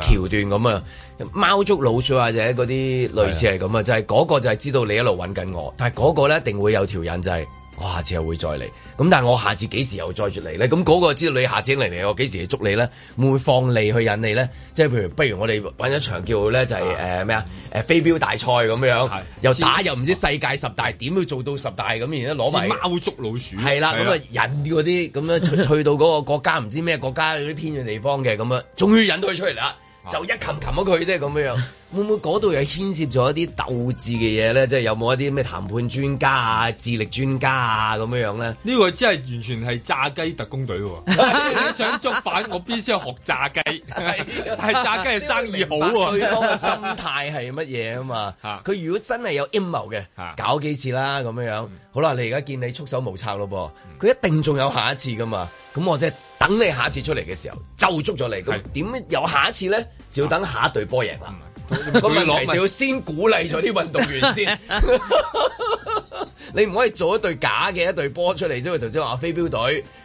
橋段咁啊～、哦貓捉老鼠或者嗰啲類似係咁啊，的就係嗰個就係知道你一路揾緊我，但係嗰個咧一定會有條引、就是，就係我下次又會再嚟。咁但係我下次幾時又再住嚟咧？咁嗰個知道你下次嚟嚟，我幾時捉你咧？會唔會放你去引你咧？即係譬如，不如我哋揾一場叫咧就係誒咩啊？誒的、呃呃、飛鏢大賽咁樣，的打又打又唔知世界十大點去做到十大咁，而家攞埋貓捉老鼠係啦。咁啊了的引嗰啲咁樣去，去到嗰個國家，唔知咩國家嗰啲偏遠地方嘅咁啊，終於引到佢出嚟啦。就一擒擒咗佢啫，咁樣樣會唔會嗰度又牽涉咗一啲鬥智嘅嘢咧？即係有冇一啲咩談判專家啊、智力專家啊咁樣樣咧？呢個真係完全係炸雞特工隊喎、啊！ 哎、你想捉反 我，必須要學炸雞，係 炸雞嘅生意好喎、啊。對方嘅心態係乜嘢啊嘛？佢 如果真係有陰謀嘅，搞幾次啦咁樣樣。 好啦，你而家見你束手無策咯噃，佢 一定仲有下一次噶嘛？咁我即係。等你下次出嚟嘅時候就捉咗你，咁點是又下一次咧？就要等下一隊波贏啦。咁 問題就要先鼓勵咗啲運動員先。 你唔可以做一對假嘅一隊波出嚟即啫，頭先話飛鏢隊，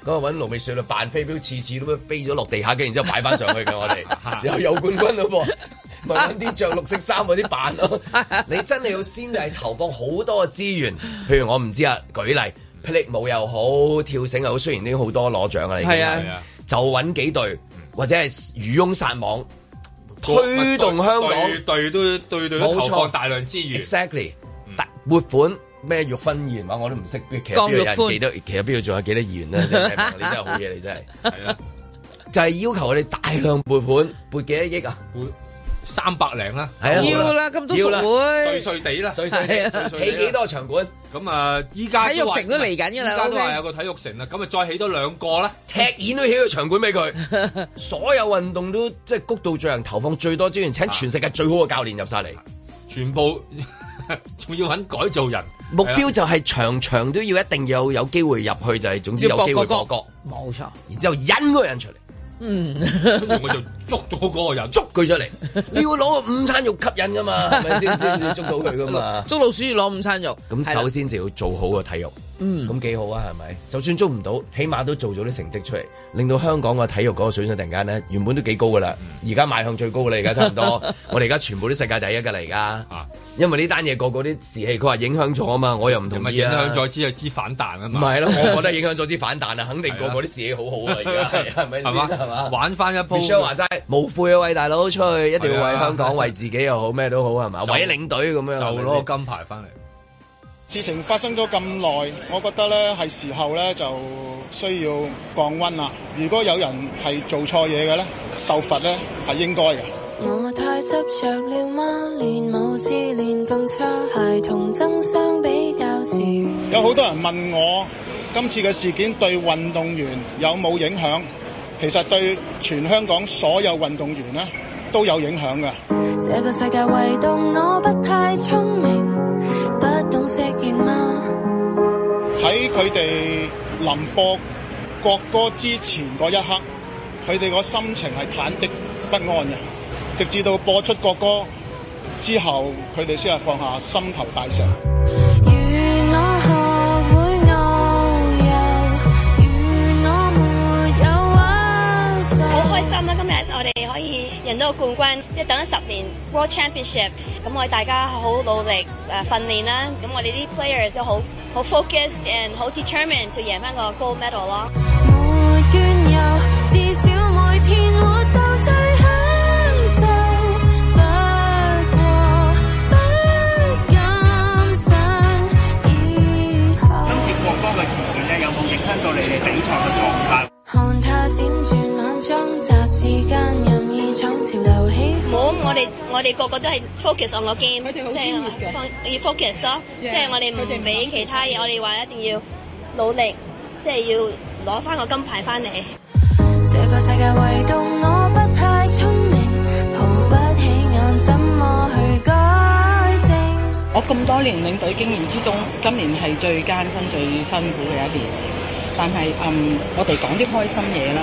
咁啊揾盧覓雪去扮飛鏢，次次都飛咗落地下嘅，然之後擺翻上去嘅我哋， 然後有冠軍咯噃，咪揾啲着綠色衫嗰啲扮咯。 你真係要先係投放好多嘅資源，譬如我唔知啊，舉例。霹靂舞又好，跳繩又好，雖然已經好多攞獎啊，你知啦，就揾幾隊或者係漁翁撒網，推動香港隊都隊隊都投放大量資源。Exactly，撥款咩肉分議員話，我都唔識，其實人哋都其實邊度仲有幾多議員咧？你真係好嘢，你真係，真 就係要求我哋大量撥款，撥幾多億啊？三百零啦，要啦，咁都熟會，碎碎地啦，碎碎地，起幾多場館？咁啊，依家體育城都嚟緊噶啦，依家都話有個體育城啦，咁咪再起多兩個啦，踢毽都起個場館俾佢，所有運動都即係谷到最人投放最多資源，請全世界最好嘅教練入晒嚟，全部仲要肯改造人，目標就係場場都要一定要有機會入去，就係總之有機會。國國，冇錯，然之後引個人出嚟，嗯。捉到嗰個人，捉佢出嚟，你要攞午餐肉吸引噶嘛，係咪先先捉到佢噶嘛？捉老鼠要攞午餐肉，咁首先就要做好個體育，咁幾好啊，係咪？就算捉唔到，起碼都做咗啲成績出嚟，令到香港個體育嗰個水準突然間咧，原本都幾高噶啦，而家邁向最高啦，而家差唔多，我哋而家全部啲世界第一噶啦，而家，因為呢單嘢個個啲士氣，佢話影響咗啊嘛，我又唔同意影響咗之後，之反彈啊嘛，唔係咯，我覺得影響咗之反彈啊，肯定個個啲士氣好好啊。而家係咪先？係嘛，玩翻一波，sure 話齋。無悔嘅位大佬出去一的，一定要為香港、為自己又好，咩的都好係嘛，為領隊咁樣，就攞金牌翻嚟。事情發生咗咁耐，我覺得咧係時候咧就需要降温啦。如果有人係做錯嘢嘅咧，受罰咧係應該嘅。我太執着了嗎？練武姿練更差，同爭相比較少、嗯。有好多人問我，今次嘅事件對運動員有冇影響？其實對全香港所有運動員呢都有影響嘅。喺佢哋臨播國歌之前嗰一刻，佢哋個心情係忐忑不安嘅，直至到播出國歌之後，佢哋先係放下心頭大石。我哋可以贏到個冠軍，即係等咗十年 World Championship，咁我哋大家好努力誒訓練啦，咁我哋啲 players 都好好 focus and 好 determined to 贏翻個 gold medal 咯。冇倦遊，至少每天活到最享受。不過不敢想以後。今次國歌嘅事件咧，有冇影響到你哋比賽嘅狀態？冇，我哋我哋個個都係 focus on 個 game，即係要 focus 咯，即係我哋唔會俾其他嘢，我哋話一定要努力，即係要攞翻個金牌翻嚟。這個世界唯獨我不太聰明，毫不起眼，怎麼去改正？我咁多年領隊經驗之中，今年係最艱辛、最辛苦嘅一年。但係，嗯，我哋講啲開心嘢啦。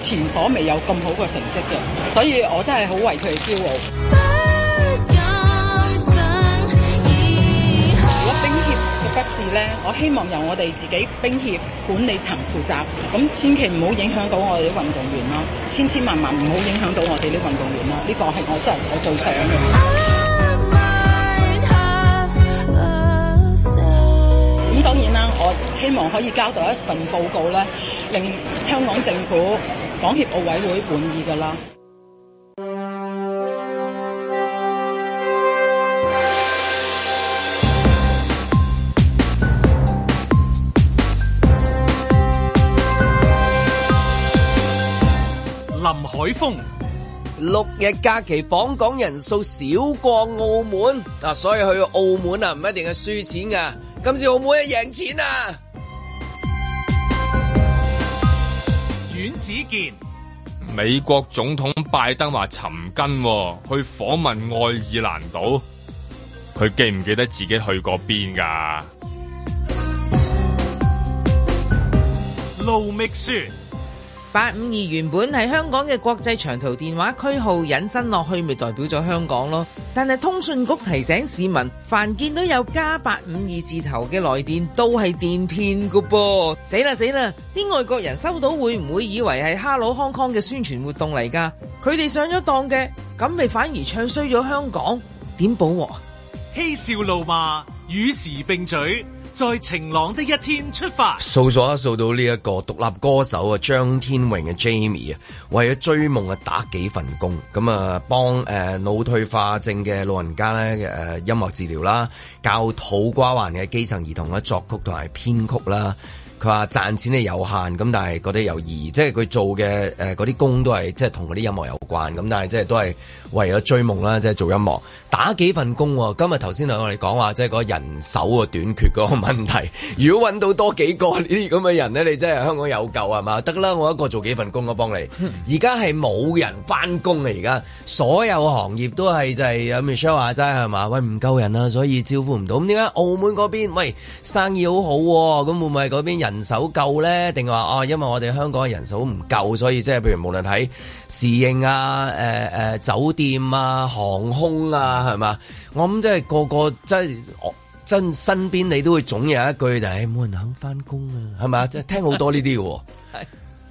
前所未有咁好嘅成績嘅，所以我真係好為佢哋驕傲。如果冰協嘅不是咧，我希望由我哋自己冰協管理層負責，咁千祈唔好影響到我哋啲運動員啦，千千萬萬唔好影響到我哋啲運動員啦，呢個係我真係我最想嘅。咁當然啦，我希望可以交到一份報告咧，令香港政府。港協奧委會滿意噶啦。林海峰，六日假期訪港人數少過澳門啊，所以去澳門啊唔一定係輸錢噶，今次澳門係贏錢啊！阮子健，美國總統拜登話尋根、喎、去訪問愛爾蘭島，佢記唔記得自己去過邊㗎？盧覓雪。八五二原本係香港嘅國際長途電話區號，引申落去咪代表咗香港咯。但係通訊局提醒市民，凡見到有加八五二字頭嘅來電，都係電騙噶噃。死啦死啦！啲外國人收到會唔會以為係哈佬康康嘅宣傳活動嚟噶？佢哋上咗當嘅，咁咪反而唱衰咗香港？點補喎？嬉笑怒罵，與時並舉。在晴朗的一天出發，數咗一數到呢一個獨立歌手啊，張天榮嘅 Jamie 啊，為咗追夢啊，打幾份工，咁啊幫誒、呃、腦退化症嘅老人家咧誒、呃、音樂治療啦，教土瓜灣嘅基層兒童嘅作曲同埋編曲啦。佢話賺錢係有限，咁但係覺得有意義，即係佢做嘅誒嗰啲工都係即係同嗰啲音樂有關，咁但係即係都係。為咗追夢啦，即係做音樂，打幾份工。今日頭先嚟我哋講話，即係個人手個短缺嗰個問題。如果揾到多幾個呢啲咁嘅人咧，你真係香港有救係嘛？得啦，我一個做幾份工我幫你。而家係冇人翻工啊！而家所有行業都係就係阿 Michelle 話齋係嘛，喂唔夠人啊，所以招呼唔到。咁點解澳門嗰邊喂生意好好，啊、咁，會唔會係嗰邊人手夠咧？定話哦，因為我哋香港嘅人手唔夠，所以即係譬如無論喺。侍應啊，誒、呃、誒、呃，酒店啊，航空啊，係嘛？我諗即係個個即係真身邊你都會總有一句就係、是、冇人肯翻工啊，係咪？即係是聽好多呢啲嘅，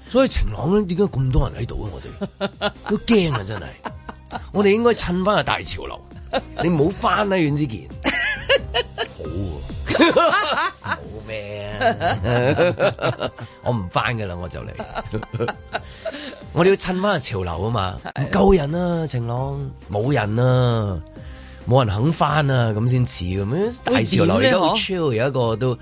所以晴朗點解咁多人喺度啊？我哋都驚啊！真係， 我哋應該趁翻個大潮流。你唔好翻啦，阮之健， 好，冇咩啊，我唔翻噶啦，我就嚟， 我哋要趁翻個潮流啊嘛，夠的人啊，晴朗，冇人啊，冇人肯翻啊，咁先似咁樣大潮流，而家好 chill，有一個都。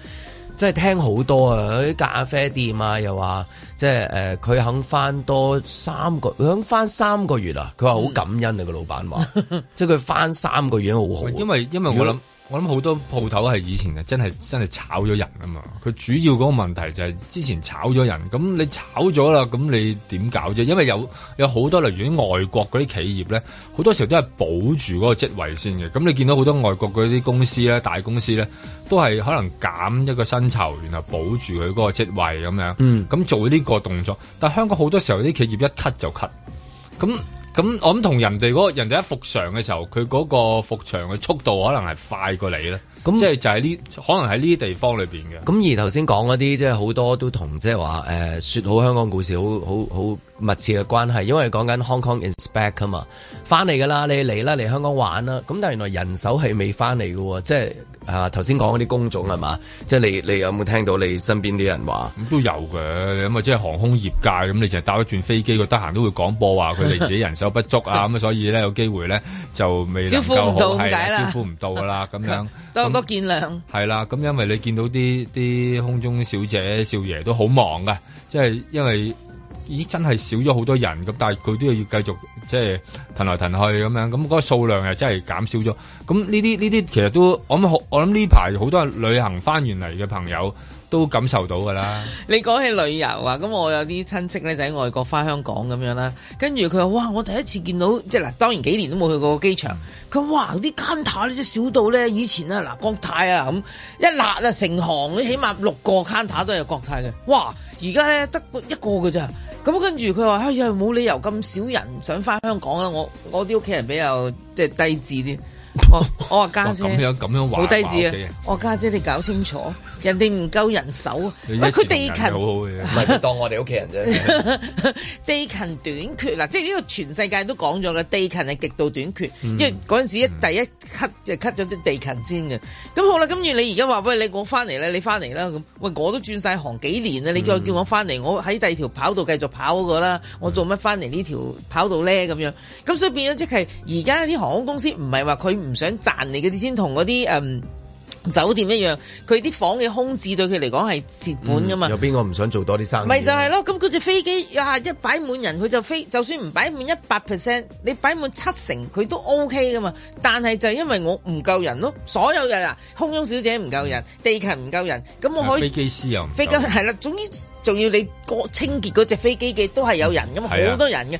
即係聽好多啊！啲咖啡店啊，又話即係誒，佢、呃、肯翻多三個，佢肯翻三個月啊！佢話好感恩呀，個、嗯、老闆話， 即係佢翻三個月好好。因為因為我諗。我諗好多鋪頭係以前啊，真係真係炒咗人啊嘛！佢主要嗰個問題就係之前炒咗人，咁你炒咗啦，咁你點搞啫？因為有有好多例如啲外國嗰啲企業咧，好多時候都係保住嗰個職位先嘅。咁你見到好多外國嗰啲公司咧，大公司咧，都係可能減一個薪酬，然後保住佢嗰個職位咁樣。嗯。咁做呢個動作，但香港好多時候啲企業一 cut 就 cut，咁。咁我諗同人哋嗰個人哋喺復常嘅時候，佢嗰個復常嘅速度可能係快過你咧，咁即係就喺呢可能喺呢啲地方裏邊嘅。咁而頭先講嗰啲，即係好多都同即係話誒，說、呃、好香港故事，好好好。好密切嘅關係，因為講緊 Hong Kong inspect 啊嘛，翻嚟噶啦，你嚟啦嚟香港玩啦，咁但係原來人手係未翻嚟嘅，即係啊頭先講嗰啲工種係嘛，嗯、即係你你有冇聽到你身邊啲人話？咁都有嘅，咁啊即係航空業界咁，你淨係搭一轉飛機，佢得閒都會廣播話佢哋自己人手不足啊，咁 所以咧有機會咧就未招呼唔到，招呼唔到噶啦，咁 樣多多見諒，係啦，咁因為你見到啲啲空中小姐少爺都好忙嘅，即係因為。咦，真係少咗好多人咁，但係佢都要繼續即係騰來騰去咁樣，咁、那、嗰個數量又真係減少咗。咁呢啲呢啲其實都我諗我諗呢排好多旅行翻完嚟嘅朋友都感受到㗎啦。你講起旅遊啊，咁我有啲親戚咧就喺、是、外國翻香港咁樣啦，跟住佢話：哇，我第一次見到即係嗱，當然幾年都冇去過個機場。佢話：哇，啲 counter 咧少到咧，以前啊嗱國泰啊咁一攤啊成行，你起碼六個 counter 都有國泰嘅。哇，而家咧得一個㗎咋？咁跟住佢話：哎呀，冇理由咁少人想翻香港啦！我我啲屋企人比較即係低智啲， 我我話家姐，咁 樣咁樣話，好低智啊！ 我家姐，你搞清楚。人哋唔夠人手，唔係佢地勤，唔係就當我哋屋企人啫。 地勤短缺嗱、啊，即係呢個全世界都講咗啦，地勤係極度短缺。嗯、因為嗰陣時一第一 cut 就 cut 咗啲地勤先嘅。咁好啦，跟住你而家話喂，你我翻嚟啦，你翻嚟啦咁。喂，我都轉晒行幾年啦，你再叫我翻嚟，嗯、我喺第二條跑道繼續跑嗰個啦。嗯、我做乜翻嚟呢條跑道咧？咁樣咁，所以變咗即係而家啲航空公司唔係話佢唔想賺你嗰啲先同嗰啲誒。酒店一樣，佢啲房嘅空置對佢嚟講係蝕本噶嘛？嗯、有邊個唔想做多啲生意？咪就係咯，咁嗰隻飛機呀，一擺滿人佢就飛。就算唔擺滿一百 percent，你擺滿七成佢都 OK 噶嘛？但係就係因為我唔夠人咯，所有人啊，空中小姐唔夠人，地勤唔夠人，咁我可以、啊、飛機師又飛機係啦，總之仲要你過清潔嗰隻飛機嘅都係有人噶嘛，好、嗯嗯、多人嘅。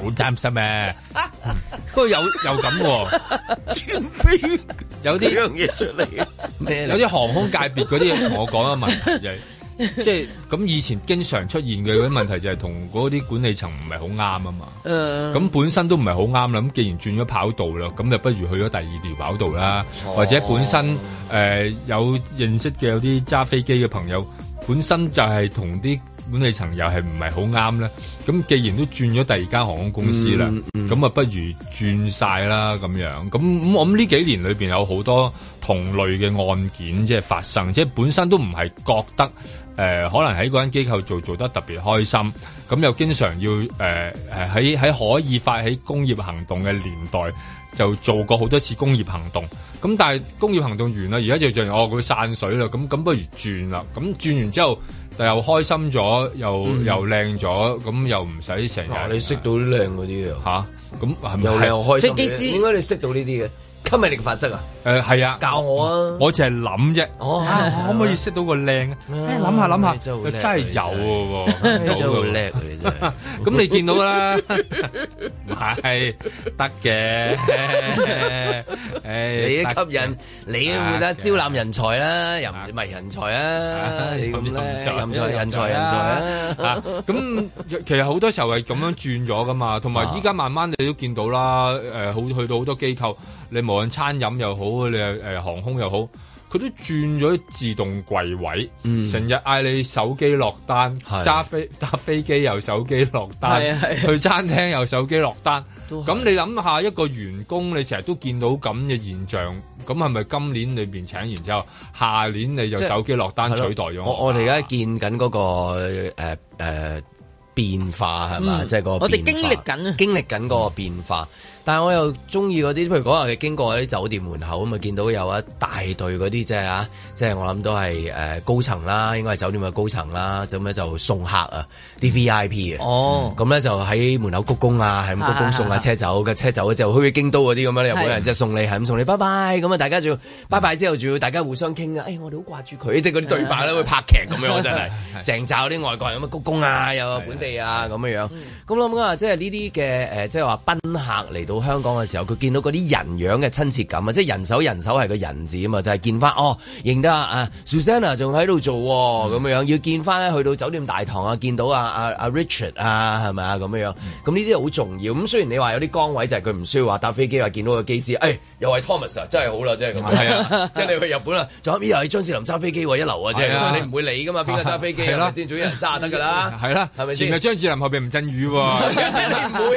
好擔心咩？不過有有咁嘅，轉飛有啲樣嘢出嚟，有啲航空界別嗰啲同我講嘅問題就係，即係咁以前經常出現嘅嗰啲問題，就係同嗰啲管理層唔係好啱啊嘛。咁本身都唔係好啱啦。咁既然轉咗跑道啦，咁就不如去咗第二條跑道啦。或者本身誒有認識嘅有啲揸飛機嘅朋友，本身就係同啲。管理層又係唔係好啱咧？咁既然都轉咗第二間航空公司啦，咁啊、嗯嗯、不如轉晒啦咁樣。咁我咁呢幾年裏邊有好多同類嘅案件即係發生，即係本身都唔係覺得誒、呃，可能喺嗰間機構做做得特別開心，咁又經常要誒誒喺喺可以發起工業行動嘅年代，就做過好多次工業行動。咁但係工業行動完啦，而家就就哦佢散水啦，咁咁不如轉啦。咁轉完之後。但又開心咗，又、mm hmm。又靚咗，咁又唔使成日。你識到啲靚嗰啲啊？嚇，咁係唔係？又靚又開心。即係點解你識到呢啲嘅？吸引力法則啊？誒，係啊，教我啊，我淨係諗啫。哦，可唔可以識到個靚？諗下諗下，真係有喎。真係好叻，你真係。咁你見到啦，係得嘅。誒，你吸引你啊，招攬人才啦，又唔係人才啊？人才人才人才人才啊！咁，其實好多時候係咁樣轉咗㗎嘛。同埋依家慢慢你都見到啦，誒，好去到好多機構。你無論餐飲又好，你誒航空又好，佢都轉咗自動櫃位，成日嗌你手機落單，揸飛搭飛機又手機落單，去餐廳又手機落單。咁你諗下一個員工，你成日都見到咁嘅現象，咁係咪今年裏邊請完之後，下年你就手機落單取代咗？我哋而家見緊嗰個誒誒變化係嘛？即係個我哋經歷緊經歷緊個變化。但係我又中意嗰啲，譬如講話佢經過嗰酒店門口咁啊，見到有一大隊嗰啲即係啊，即係我諗都係誒高層啦，應該係酒店嘅高層啦，咁咧就送客啊，啲 VIP 啊，咁咧就喺門口鞠躬啊，係咁鞠躬送下車走嘅車走之後去京都嗰啲咁樣，日本人即係送你係咁送你拜拜咁啊，大家仲要拜拜之後仲要大家互相傾啊，誒我哋好掛住佢，即係嗰啲對白咧會拍劇咁樣，真係成集嗰啲外國人有乜鞠躬啊，有本地啊咁樣樣，咁諗唔諗啊，即係呢啲嘅誒即係話賓客嚟到。到香港嘅時候，佢見到嗰啲人樣嘅親切感啊，即係人手人手係個人字啊嘛，就係見翻哦，認得啊啊 Susanna 仲喺度做咁樣，要見翻去到酒店大堂啊，見到啊啊啊 Richard 啊，係咪啊咁樣？咁呢啲好重要。咁雖然你話有啲崗位就係佢唔需要話搭飛機話見到個機師，誒，又係 Thomas 啊，真係好啦，即係咁。係啊，即係你去日本啊，仲諗咦又係張智霖揸飛機喎，一流啊，即係你唔會理噶嘛，邊個揸飛機啊？先仲有人揸得噶啦，係啦，係咪先？前係張智霖後邊吳鎮宇。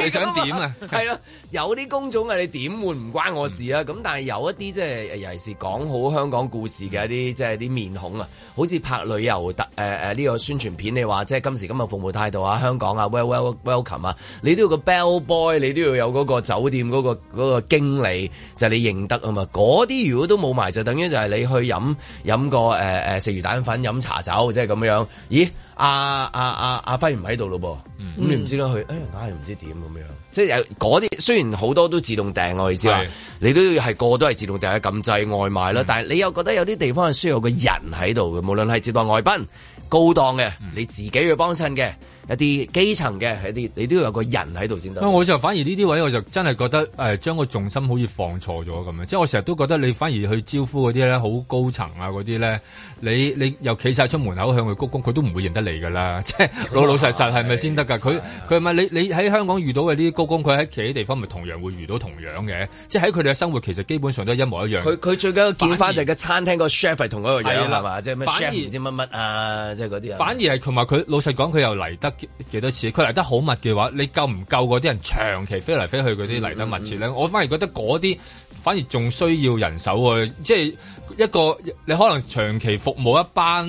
你想點啊？係咯，有。嗰啲工種啊，你點換唔關我事啊！咁但係有一啲即係尤其是講好香港故事嘅一啲即係啲面孔啊，好似拍旅遊特誒誒呢個宣傳片，你話即係今時今日服務態度啊，香港啊，well well welcome 啊，你都要個 bell boy，你都要有嗰個酒店嗰個嗰個經理就係你認得啊嘛，嗰啲如果都冇埋，就等於就係你去飲飲個誒誒食魚蛋粉飲茶酒，即係咁樣，咦？啊啊、阿阿阿阿輝唔喺度咯噃，咁你唔知啦佢，唉、哎，硬係唔知點咁樣，樣即係有嗰啲雖然好多都自動訂我意思話，是你都要係個都係自動訂嘅撳制外賣啦，嗯、但係你又覺得有啲地方係需要個人喺度嘅，無論係接待外賓、高檔嘅，你自己去幫襯嘅。嗯一啲基層嘅一啲，你都要有個人喺度先得。我就反而呢啲位我就真係覺得誒，將個重心好似放錯咗咁樣。即係我成日都覺得你反而去招呼嗰啲咧，好高層啊嗰啲咧，你你又企晒出門口向佢鞠躬，佢都唔會認得你㗎啦。即係老哇 老實實係咪先得㗎？佢佢唔係你你喺香港遇到嘅呢啲鞠躬，佢喺其他地方咪同樣會遇到同樣嘅？即係喺佢哋嘅生活，其實基本上都係一模一樣。佢佢最緊要見翻就係個餐廳個 chef 係同嗰個嘢係嘛？即係咩 chef 唔知乜乜啊？即係啲反而係同埋佢老實講，佢又嚟得。幾，幾多次？佢嚟得好密嘅話，你夠唔夠啲人長期飛嚟飛去啲嚟得密切咧？嗯嗯嗯，我反而覺得啲反而仲需要人手去，即係一個你可能長期服務一班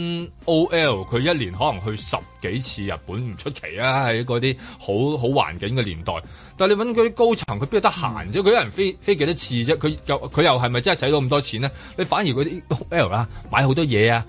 OL，佢一年可能去十。幾次日本唔出奇啊！喺嗰啲好好環境嘅年代，但係你揾嗰啲高層，佢邊度得閒啫？佢一人飛飛幾多次啫？佢又佢又係咪真係使咗咁多錢咧？你反而嗰啲僆啦，買好多嘢啊，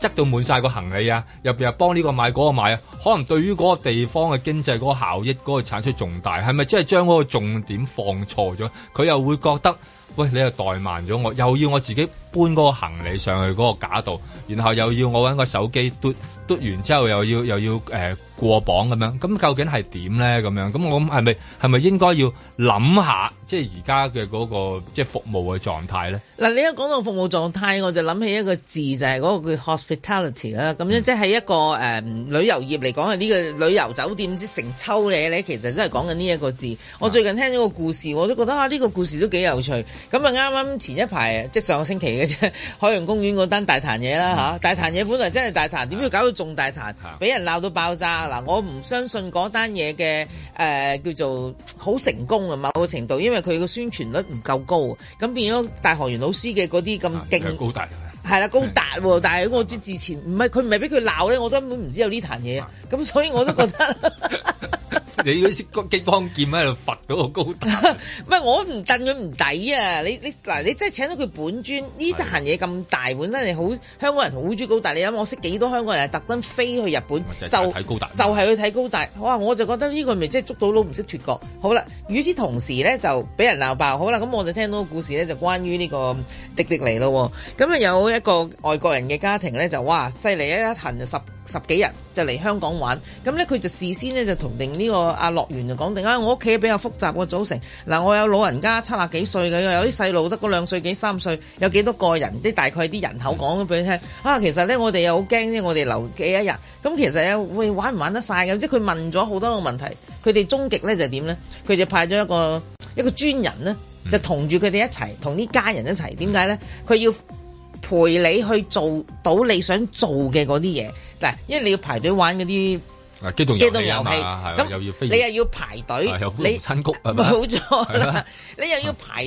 塞到滿晒個行李啊，入邊又幫呢個買嗰個買啊，可能對於嗰個地方嘅經濟嗰個效益嗰個產出仲大，係咪真係將嗰個重點放錯咗？佢又會覺得。喂，你又怠慢咗我，又要我自己搬嗰個行李上去嗰個架度，然後又要我揾個手機嘟嘟完之後，又要又要誒。呃過榜咁樣，咁究竟係點咧？咁樣，咁我係咪係咪應該要諗下，即係而家嘅嗰個即係服務嘅狀態咧？嗱、啊，你一講到服務狀態，我就諗起一個字，就係、是、嗰個叫 hospitality 啦、啊。咁樣、嗯、即係一個誒、呃、旅遊業嚟講，係、這、呢個旅遊酒店之成抽嘢，咧，你其實真係講緊呢一個字。嗯、我最近聽咗個故事，我都覺得啊，呢、這個故事都幾有趣。咁啊，啱啱前一排即係上個星期嘅啫，海洋公園嗰單大壇嘢啦，吓、啊嗯、大壇嘢本來真係大壇，點解要搞到仲大壇，俾人鬧到爆炸。嗯嗱，我唔相信嗰單嘢嘅誒叫做好成功啊，某個程度，因為佢個宣傳率唔夠高，咁變咗大學員老師嘅嗰啲咁勁，高達係啦，高達喎，但係我知，之前唔係佢唔係俾佢鬧咧，我都根本唔知有呢壇嘢，咁、啊、所以我都覺得。 你嗰支激光劍喺度罰到個高達，唔係 我唔掟佢唔抵啊！你你嗱你真係請到佢本尊，呢壇嘢咁大，本身你好香港人好中意高達。你諗我識幾多香港人係特登飛去日本就睇高達，就係，就係去睇高達。哇！我就覺得呢個咪即係捉到鹿唔識脱角。好啦，與此同時咧就俾人鬧爆。好啦，咁、嗯、我就聽到個故事咧就關於呢個迪士尼咯。咁啊有一個外國人嘅家庭咧就哇犀利，一一行就十。十幾日就嚟香港玩，咁呢，佢就事先呢，就同定呢個阿樂園就講定啊！我屋企比較複雜個組成，嗱、啊、我有老人家七啊幾歲嘅，有啲細路得嗰兩歲幾三歲，有幾多個人，即大概啲人口講咗俾你聽。啊，其實呢，我哋又好驚，因我哋留幾一日，咁、啊、其實呢會玩唔玩得晒嘅，即係佢問咗好多個問題。佢哋終極呢就點呢？佢就，就派咗一個一個專人呢，就同住佢哋一齊，同啲家人一齊。點解呢？佢要，陪你去做到你想做嘅嗰啲嘢，嗱，因為你要排隊玩嗰啲機動遊戲啊，咁你又要排隊，你又要排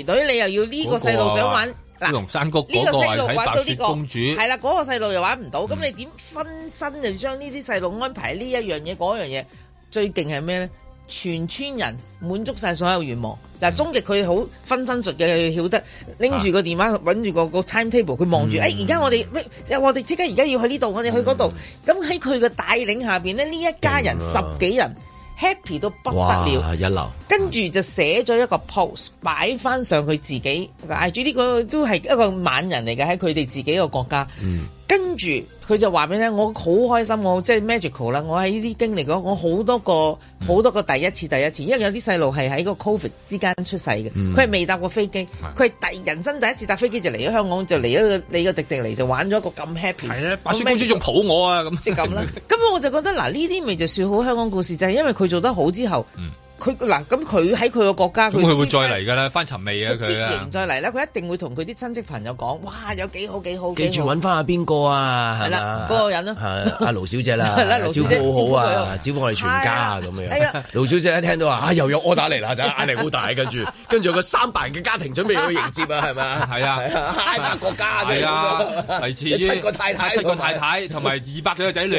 隊，你又要呢個細路想玩，嗱，山谷嗰個細路玩到呢個公主，係啦，嗰個細路又玩唔到，咁你點分身就將呢啲細路安排呢一樣嘢，嗰樣嘢最勁係咩咧？全村人滿足晒所有願望，就係、嗯、終極佢好分身術嘅，曉得拎住、啊、個電話揾住個個 time table，佢望住，誒而家我哋，我哋即刻而家要去呢度，我哋去嗰度，咁喺佢嘅帶領下邊咧，呢一家人十幾人 happy 到不得了，一流，跟住就寫咗一個 post 擺翻的上佢自己，嗌住呢個都係一個猛人嚟嘅，喺佢哋自己嘅國家，嗯、跟住。佢就話俾你聽，我好開心，我即係 magical 啦，我喺呢啲經歷咗，我好多個好多個第一次，第一次，因為有啲細路係喺個 COVID 之間出世嘅，佢係未搭過飛機，佢係第人生第一次搭飛機就嚟咗香港，就嚟咗你個迪士尼就玩咗一個咁 happy，係啊，白雪公主仲抱我啊咁，即係咁啦。咁 我就覺得嗱，呢啲咪就說好香港故事，就係、是、因為佢做得好之後。嗯佢嗱咁佢喺佢個國家，佢會再嚟噶啦，翻尋味啊佢再嚟啦。佢一定會同佢啲親戚朋友講，哇，有幾好幾好，記住揾翻下邊個啊？係啦，嗰個人啊？係阿盧小姐啦，招呼好好啊，招呼我哋全家啊咁樣。哎呀，盧小姐一聽到話，啊又有柯打嚟啦，就壓力好大。跟住，跟住個三百人嘅家庭準備去迎接啊，係咪啊？係啊，大國家係啊，係至於七個太太、七個太太同埋二百幾個仔女，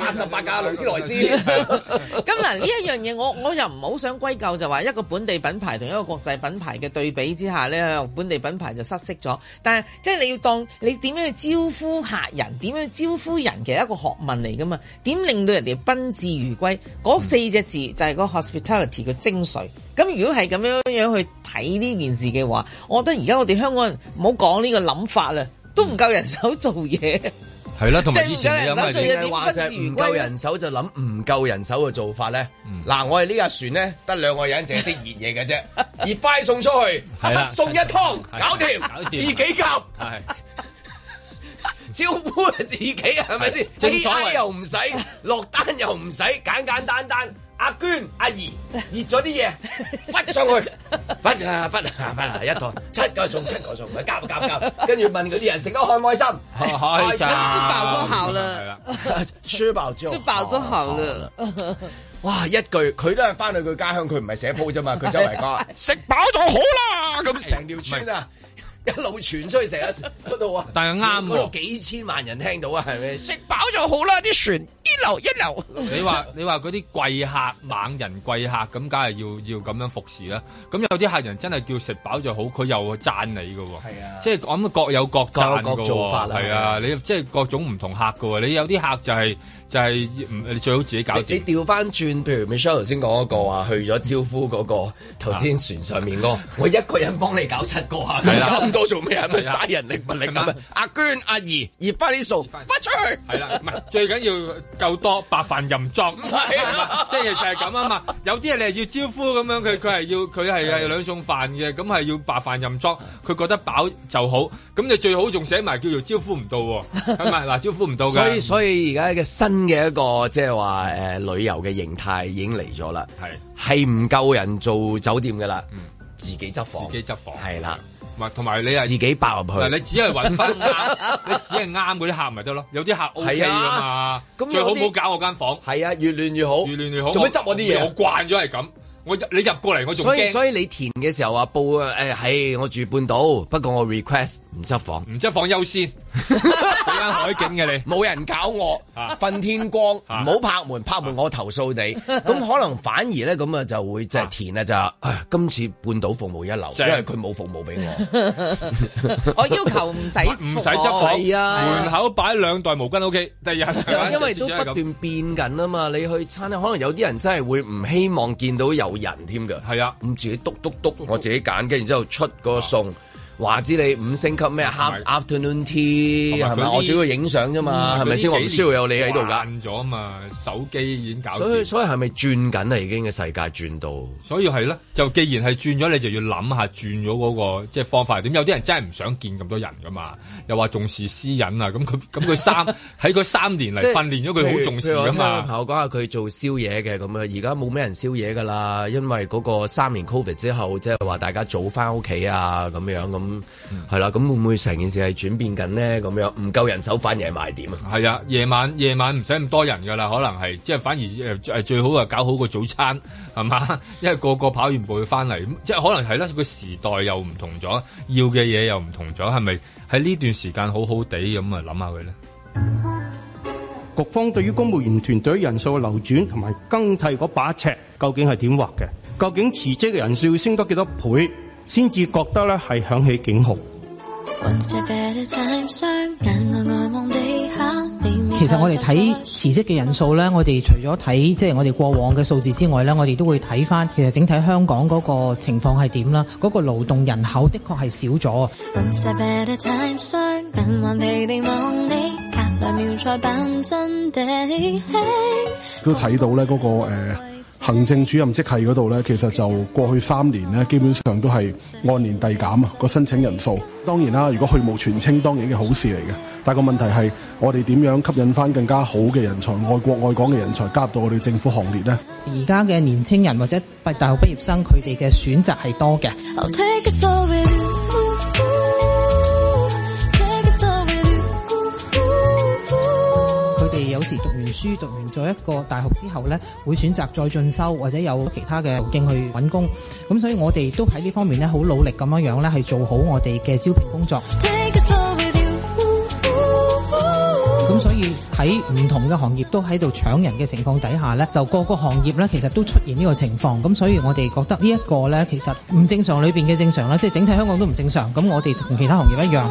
八十八架勞斯萊斯。咁嗱，呢一樣嘢我我又唔。唔好想歸咎就話一個本地品牌同一個國際品牌嘅對比之下咧，本地品牌就失色咗。但係即係你要當你點樣去招呼客人，點樣去招呼人嘅一個學問嚟噶嘛？點令到人哋賓至如歸，嗰四隻字就係個 hospitality 嘅精髓。咁如果係咁樣樣去睇呢件事嘅話，我覺得而家我哋香港人唔好講呢個諗法啦，都唔夠人手做嘢。係啦，同埋以前有啊，你話啫，唔夠人手就諗唔夠人手嘅做法咧。嗱，我哋呢架船咧得兩個人淨係識熱嘢嘅啫，熱飯送出去，送一湯搞掂，自己夾，招呼自己係咪先？正所又唔使落單又唔使，簡簡單單。阿娟阿怡，熱咗啲嘢，揈上去，揈啊揈一台七個餸七個餸，佢夾夾夾，跟住問嗰啲人食得開唔開心？啊？開心。食飽就好了。係啊，輸爆之後。食飽，飽就好了。哇！一句佢都係翻去佢家鄉，佢唔係寫鋪啫嘛，佢周圍講食飽就好啦，咁成條村啊。 一路傳出去食啊，嗰度啊，但係啱喎，幾千萬人聽到啊，係咪 食飽就好啦？啲船一流一流。一流 你話你話嗰啲貴客猛人貴客咁，梗係要要咁樣服侍啦。咁有啲客人真係叫食飽就好，佢又讚你嘅喎。係啊，即係咁啊，各有各各有各做法啊。係啊的，你即係、就是、各種唔同客嘅喎。你有啲客就係、是。就係、是、你最好自己搞掂。你調翻轉，譬如 Michelle 頭先講嗰、那個話，去咗招呼嗰、那個頭先船上面嗰、那個。 我一個人幫你搞七個啊！咁 多做咩啊？咪嘥 人力物力啊！嗎阿娟、阿姨，熱翻啲餸，快出去！係啦嗎，唔係最緊要夠多白飯任裝，即係其實係咁啊嘛。有啲嘢你係要招呼咁樣，佢佢係要佢係係兩餸飯嘅，咁係要白飯任裝。佢覺得飽就好。咁你最好仲寫埋叫做招呼唔到，係咪嗱招呼唔到嘅。 所以所以而家嘅新嘅一個即係話，誒，旅遊嘅形態已經嚟咗啦，係係唔夠人做酒店噶啦，自己執房，自己執房係啦，係，同埋你係自己爆入去，你只係揾翻啱，你只係啱嗰啲客咪得咯，有啲客 OK 噶嘛，最好唔好搞我間房，係啊，越亂越好，越亂越好，做咩執我啲嘢？我慣咗係咁。我你入過嚟我仲，所以所以你填嘅時候話，報誒係我住半島，不過我 request 唔執房，唔執房優先。好間海景嘅你，冇人搞我，瞓天光，唔好拍門，拍門我投訴你。咁可能反而咧咁啊就會即係填啦咋？唉，今次半島服務一流，因為佢冇服務俾我，我要求唔使唔使執房啊，門口擺兩袋毛巾 OK。第日因為都不斷變緊啊嘛，你去餐廳可能有啲人真係會唔希望見到有。人添嘅係啊，咁自己篤篤篤，刀刀我自己揀跟然之後出個餸。啊話知你五星級咩？Afternoon Tea 係咪？係咪我主要影相啫嘛，係咪先？我唔需要有你喺度噶。困咗嘛？手機已經搞所以，所以係咪轉緊啊？已經嘅世界轉到。所以係咯，就既然係轉咗，你就要諗下轉咗嗰、嗰個即係方法點。有啲人真係唔想見咁多人噶嘛？又話重視私隱啊？咁佢咁佢三喺佢 三年嚟訓練咗佢好重視噶嘛？ 我講下佢做宵夜嘅咁啊！而家冇咩人宵夜噶啦，因為嗰個三年 Covid 之後，即係話大家早翻屋企啊，咁樣咁。咁係啦，咁會唔會成件事係轉變緊呢？咁樣唔夠人手反而係賣點啊？係啊，夜晚夜晚唔使咁多人噶啦，可能係即係反而誒最好啊，搞好個早餐係嘛，因為個個跑完步會翻嚟，即係可能係啦，個時代又唔同咗，要嘅嘢又唔同咗，係咪喺呢段時間好好地咁啊諗下佢咧？想想呢局方對於公務員團隊人數嘅流轉同埋更替嗰把尺，究竟係點劃嘅？究竟辭職嘅人數要升多幾多倍？先至覺得咧，係響起警號。Mm. Mm. 其實我哋睇辭職嘅人數咧，我哋除咗睇即係我哋過往嘅數字之外咧，我哋都會睇翻其實整體香港嗰個情況係點啦。嗰個勞動人口的確係少咗。Mm. Mm. 都睇到咧嗰個、呃行政主任職系嗰度咧，其實就過去三年咧，基本上都係按年遞減啊、個申請人數。當然啦，如果去無全清，當然係好事嚟嘅。但個問題係我哋點樣吸引翻更加好嘅人才、愛國愛港嘅人才加入到我哋政府行列咧？而家嘅年青人或者大大學畢業生，佢哋嘅選擇係多嘅。有時讀完書，讀完咗一個大學之後呢，會選擇再進修或者有其他嘅途徑去揾工。咁所以我哋都喺呢方面呢，好努力咁樣樣呢，係做好我哋嘅招聘工作。咁、哦哦哦、所以喺唔同嘅行業都喺度搶人嘅情況底下呢，就個個行業呢，其實都出現呢個情況。咁所以我哋覺得呢一個呢，其實唔正常裏邊嘅正常啦，即係整體香港都唔正常。咁我哋同其他行業一樣。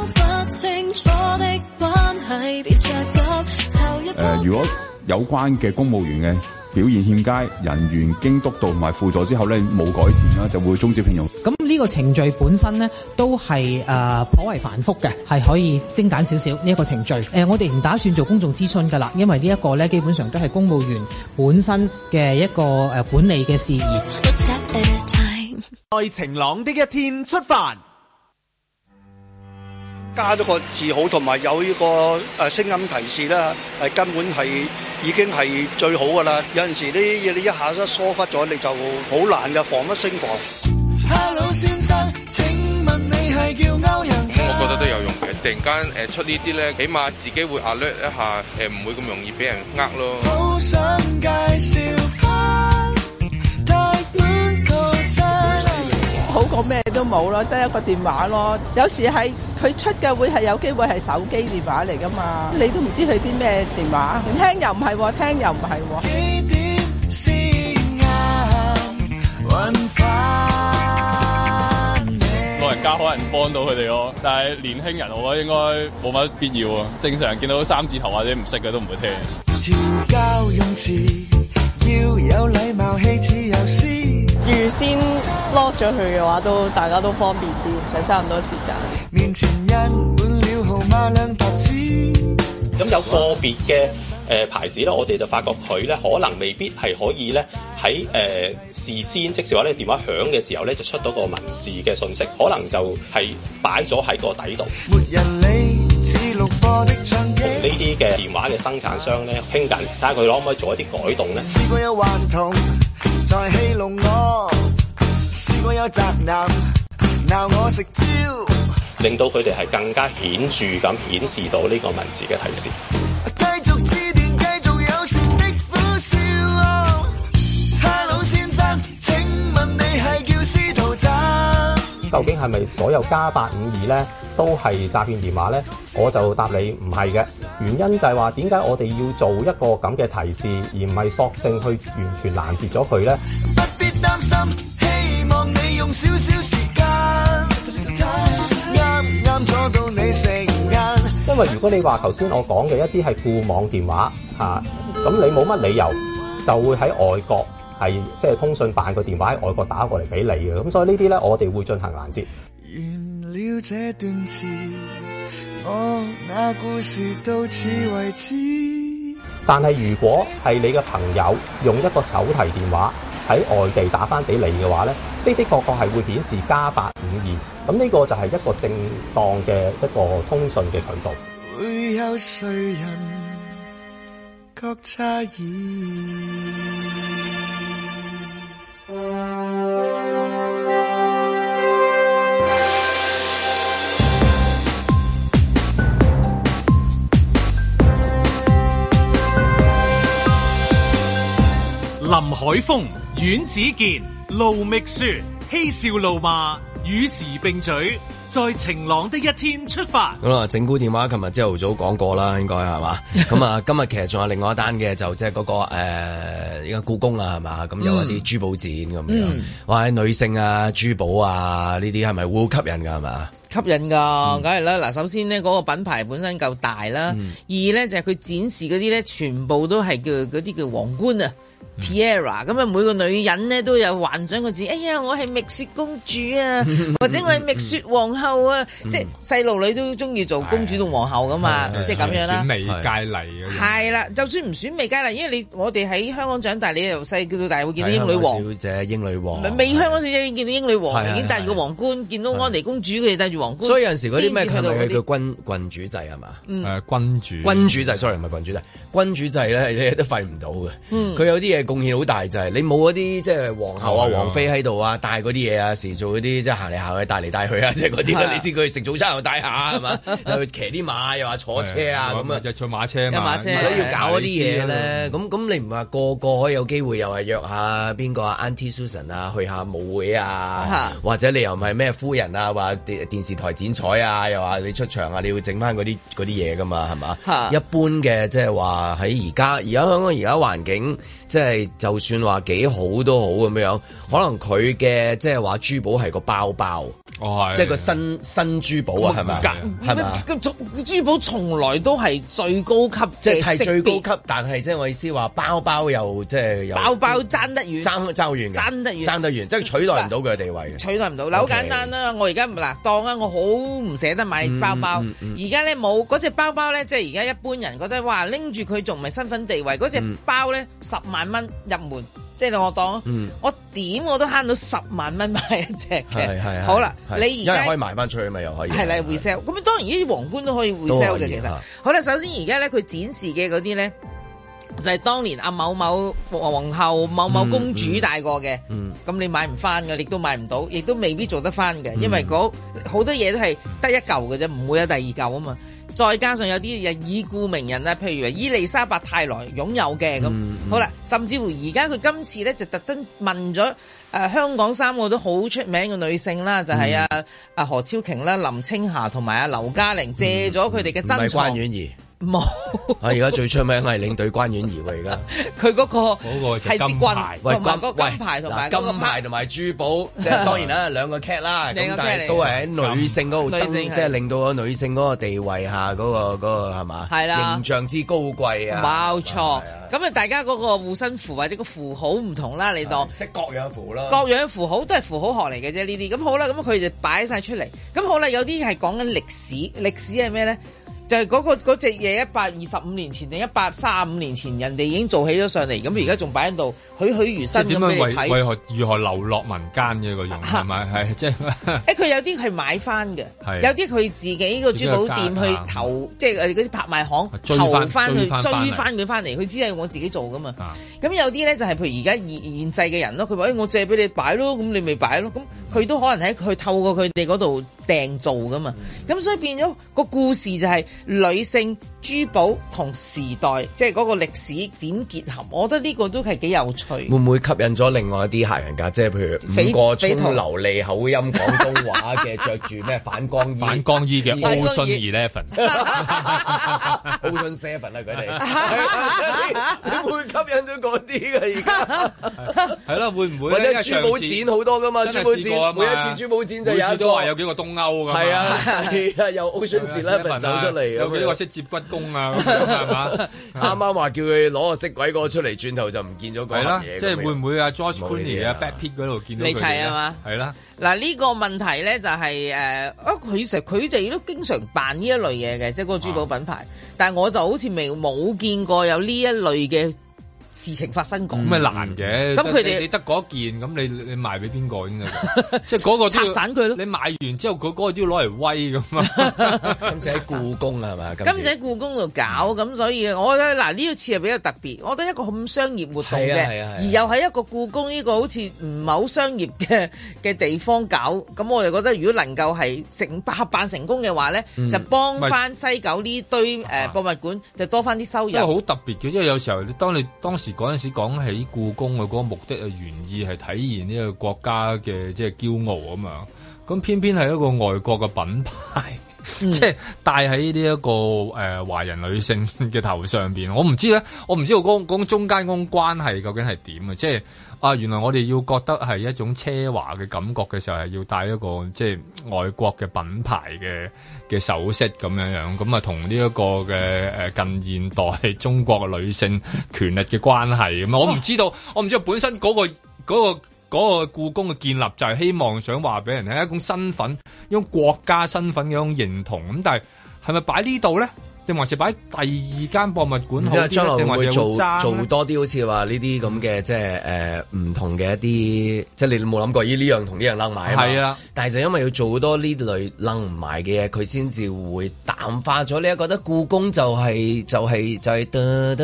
誒、呃，如果有關嘅公務員嘅表現欠佳，人員經督導同埋輔助之後咧冇改善啦，就會終止聘用。咁呢、嗯這個程序本身咧都係誒、呃、頗為繁複嘅，係可以精簡少少呢一、這個程序。誒、呃，我哋唔打算做公眾諮詢噶啦，因為呢一個咧基本上都係公務員本身嘅一個誒、呃、管理嘅事宜。在 晴朗的一天出發。加咗個字號，同埋有呢個誒聲音提示啦，係、啊、根本係已經係最好噶啦。有陣時呢啲嘢你一下一疏忽咗，你就好難嘅防不勝防。Hello 先生，請問你係叫勾人？我覺得都有用嘅，突然間誒、呃、出呢啲咧，起碼自己會 alert 一下，誒、呃、唔會咁容易俾人呃咯。好過咩都冇咯，得一個電話咯。有時係佢出嘅會係有機會係手機電話嚟噶嘛，你都唔知佢啲咩電話，唔聽又唔係，聽又唔係。老人家可能幫到佢哋咯，但係年輕人我覺得應該冇乜必要。正常見到三字頭或者唔識嘅都唔會聽。調教用詞要有禮貌，氣質有詩。預先攞咗佢嘅話，都大家都方便啲，唔使嘥咁多時間。咁有個別嘅誒、呃、牌子咧，我哋就發覺佢咧可能未必係可以咧喺誒事先，即是話咧電話響嘅時候咧就出到個文字嘅信息，可能就係擺咗喺個底度。同呢啲嘅電話嘅生產商咧傾緊，睇下佢可唔可以做一啲改動咧。戲弄我，試過有宅男鬧我食蕉令到佢哋係更加顯著咁顯示到呢個文字嘅提示。繼續致電，繼續友善的苦笑、哦。哈嘍先生，請問你係叫司徒震？究竟係咪所有加八五二咧？都係詐騙電話呢，我就答你唔係嘅。原因就係話點解我哋要做一個咁嘅提示，而唔係索性去完全攔截咗佢呢？因為如果你話頭先我講嘅一啲係固網電話嚇，咁、啊、你冇乜理由就會喺外國係即係通訊辦個電話喺外國打過嚟俾你嘅，咁所以呢啲呢，我哋會進行攔截。但係，如果係你嘅朋友用一個手提電話喺外地打翻俾你嘅話咧，的的確確係會顯示加八五二，咁呢個就係一個正當嘅一個通訊嘅渠道。會有誰人各差異林海峰、阮子健、盧覓雪、嬉笑怒罵，與時並舉。在晴朗的一天出發。咁啊，整蠱電話，琴日朝頭早講過啦，應該係嘛？咁啊， 今日其實仲有另外一單嘅，就即係嗰個誒，依、呃、個故宮啊，係嘛？咁有啲珠寶展咁、嗯、樣，或、呃、者女性啊，珠寶啊呢啲係咪會吸引噶？係嘛？吸引噶，梗係啦。嗱，首先呢，嗰個品牌本身夠大啦。嗯、二咧，就係佢展示嗰啲咧，全部都係叫嗰啲叫皇冠啊。Tiara 咁啊，每個女人咧都有幻想過自己。哎呀，我係白雪公主啊，或者我係白雪皇后啊，即係細路女都中意做公主同皇后噶嘛，即係咁樣啦。美佳麗嘅係啦，就算唔選美佳麗，因為你我哋喺香港長大，你由細到大會見到英女王小姐，英女王，未香港小姐已經見到英女王，已經戴住皇冠，見到安妮公主佢哋戴住皇冠。所以有陣時嗰啲咩咪叫君君主制係嘛？誒，君主君主制，sorry 唔係君主制，君主制咧你都廢唔到嘅。佢有啲。啲嘢貢獻好大，就係你冇嗰啲即係皇后啊、王妃喺度啊，帶嗰啲嘢啊，時做嗰啲即係行嚟行去帶嚟帶去啊，即係嗰啲啦。你先佢食早餐又帶下係嘛，又去騎啲馬又話坐車啊咁啊，就坐馬車嘛。要搞嗰啲嘢咧，咁咁你唔係個個可以有機會又係約下邊個 Auntie Susan 啊去下舞會啊，或者你又唔係咩夫人啊，話電電視台剪彩啊，又話你出場啊，你要整翻嗰啲啲嘢噶嘛係嘛？一般嘅即係話喺而家而家香港而家環境。即係就算話幾好都好咁樣，可能佢嘅即係話珠寶係個包包，即係個新新珠寶啊，係咪啊？係珠寶從來都係最高級嘅，即係最高級。但係即係我意思話，包包又即係包包爭得遠，爭爭好得遠，爭得遠，即係取代唔到佢嘅地位，取代唔到。嗱，好簡單啦，我而家唔嗱當啊，我好唔捨得買包包。而家咧冇嗰隻包包咧，即係而家一般人覺得哇，拎住佢仲唔係身份地位。嗰隻包咧十萬蚊入門，即係我當、嗯、我點我都慳到十萬蚊買一隻嘅，係係。好啦了，是你而家可以賣翻出去咪又可以係嚟回 sale。咁的當然呢啲皇冠都可以回 sale 嘅，其實的好啦。首先而家咧，佢展示嘅嗰啲咧，就係、是、當年阿某某皇后、某某公主戴、嗯嗯、過嘅。咁、嗯、你買唔翻嘅，亦都買唔到，亦都未必做得翻嘅，因為好多嘢都係得一嚿嘅啫，唔會有第二嚿啊嘛。再加上有啲嘢已故名人啦，譬如伊麗莎白泰來擁有嘅。咁，好啦、嗯，甚至乎而家佢今次咧就特登問咗誒、呃、香港三個都好出名嘅女性啦，就係阿阿何超瓊啦、林青霞同埋阿劉嘉玲借咗佢哋嘅珍藏。嗯嗯冇，我而家最出名係領隊關員而為㗎，佢嗰個係金牌，同埋金牌同埋珠寶，即係當然啦，兩個 cat 啦，咁但係都係喺女性嗰度，即係令到個女性嗰個地位下嗰個嗰個係嘛，形象之高貴啊，冇錯，咁啊大家嗰個護身符或者個符號唔同啦，你當即係各樣符號咯，各樣符號都係符號學嚟嘅啫，呢啲，咁好啦，咁佢就擺晒出嚟，咁好啦，有啲係講緊歷史，歷史係咩咧？就係嗰、那個隻嘢一百二十五年前定一百三十五年前，人哋已經做起咗上嚟，咁而家仲擺喺度，栩栩如生咁樣睇。為何如何流落民間嘅一個用？係咪係即係？誒，佢、就是、 有啲係買翻嘅，是有啲佢自己個珠寶店去投，啊、即係佢啲拍賣行回投翻去追翻佢翻嚟。佢只係我自己做㗎嘛？咁、啊、有啲咧就係、是、譬如而家現世嘅人咯，佢話、哎、我借俾你擺咯，咁你咪擺咯咁。佢都可能喺佢透過佢哋嗰度訂做㗎嘛，咁所以變咗個故事就係女性。珠寶同時代，即係嗰個歷史點結合？我覺得呢個都係幾有趣。會唔會吸引咗另外一啲客人㗎？即係譬如唔過咗流利口音廣東話嘅，着住咩反光衣？反光衣嘅 Ocean Eleven，Ocean Seven 啊！佢哋會吸引到嗰啲㗎，而家係咯，會唔會？或者珠寶展好多㗎嘛？珠寶展每一次珠寶展就有都話有幾個東歐㗎嘛？係啊，由 Ocean Seven 走出嚟，有幾個識接骨工啊，係嘛？啱啱話叫佢攞個色鬼哥出嚟，轉頭就唔見咗佢。係啦，即係會唔會啊？George Clooney 啊 Brad Pitt 嗰度見到佢？未齊係嘛？係啦。嗱，呢、這個問題咧就係、是、誒，啊、呃，其實佢哋都經常扮呢一類嘢嘅，即係嗰個珠寶品牌。對但係我就好似未冇見過有呢一類嘅。事情發生過咁係難嘅，咁佢哋你得嗰一件，咁你你賣俾邊個應該？即係嗰個拆散佢咯。你買完之後，佢嗰個都要攞嚟威咁啊！咁就喺故宮係嘛，咁就喺故宮度搞，咁所以我覺得嗱呢個次係比較特別。我覺得一個咁商業活動嘅，而又喺一個故宮呢個好似唔係好商業嘅嘅地方搞，咁我就覺得如果能夠係成辦成功嘅話咧，就幫翻西九呢堆誒博物館就多翻啲收入。因為好特別嘅，因為有時候當你當時。嗰陣時講起故宮嘅嗰個目的啊、原意係體現呢個國家嘅即係驕傲啊嘛，咁偏偏係一個外國嘅品牌，即係戴喺呢一個誒華人女性嘅頭上邊，我唔知咧，我唔知嗰嗰、嗰個嗰個、中間嗰個關係究竟係點啊，即係。啊！原來我哋要覺得係一種奢華嘅感覺嘅時候，係要帶一個即係外國嘅品牌嘅嘅首飾咁樣樣，咁啊同呢一個嘅誒、呃、近現代中國女性權力嘅關係咁啊！我唔知道，我唔知道本身嗰、嗰個嗰、嗰個嗰個嗰個、故宮嘅建立就係希望想話俾人係一種身份，用國家身份嘅一種認同咁，但係係咪擺呢度咧？定還是擺第二間博物館好啲咧？定將來會會做做多啲 好似話呢啲咁嘅，即係誒唔同嘅一啲，即係你冇諗過呢樣同呢樣撈埋啊嘛。但係就因為要做好多呢類拎唔埋嘅嘢，佢先至會淡化咗。你覺得故宮就係、是、就係、是、就係噠噠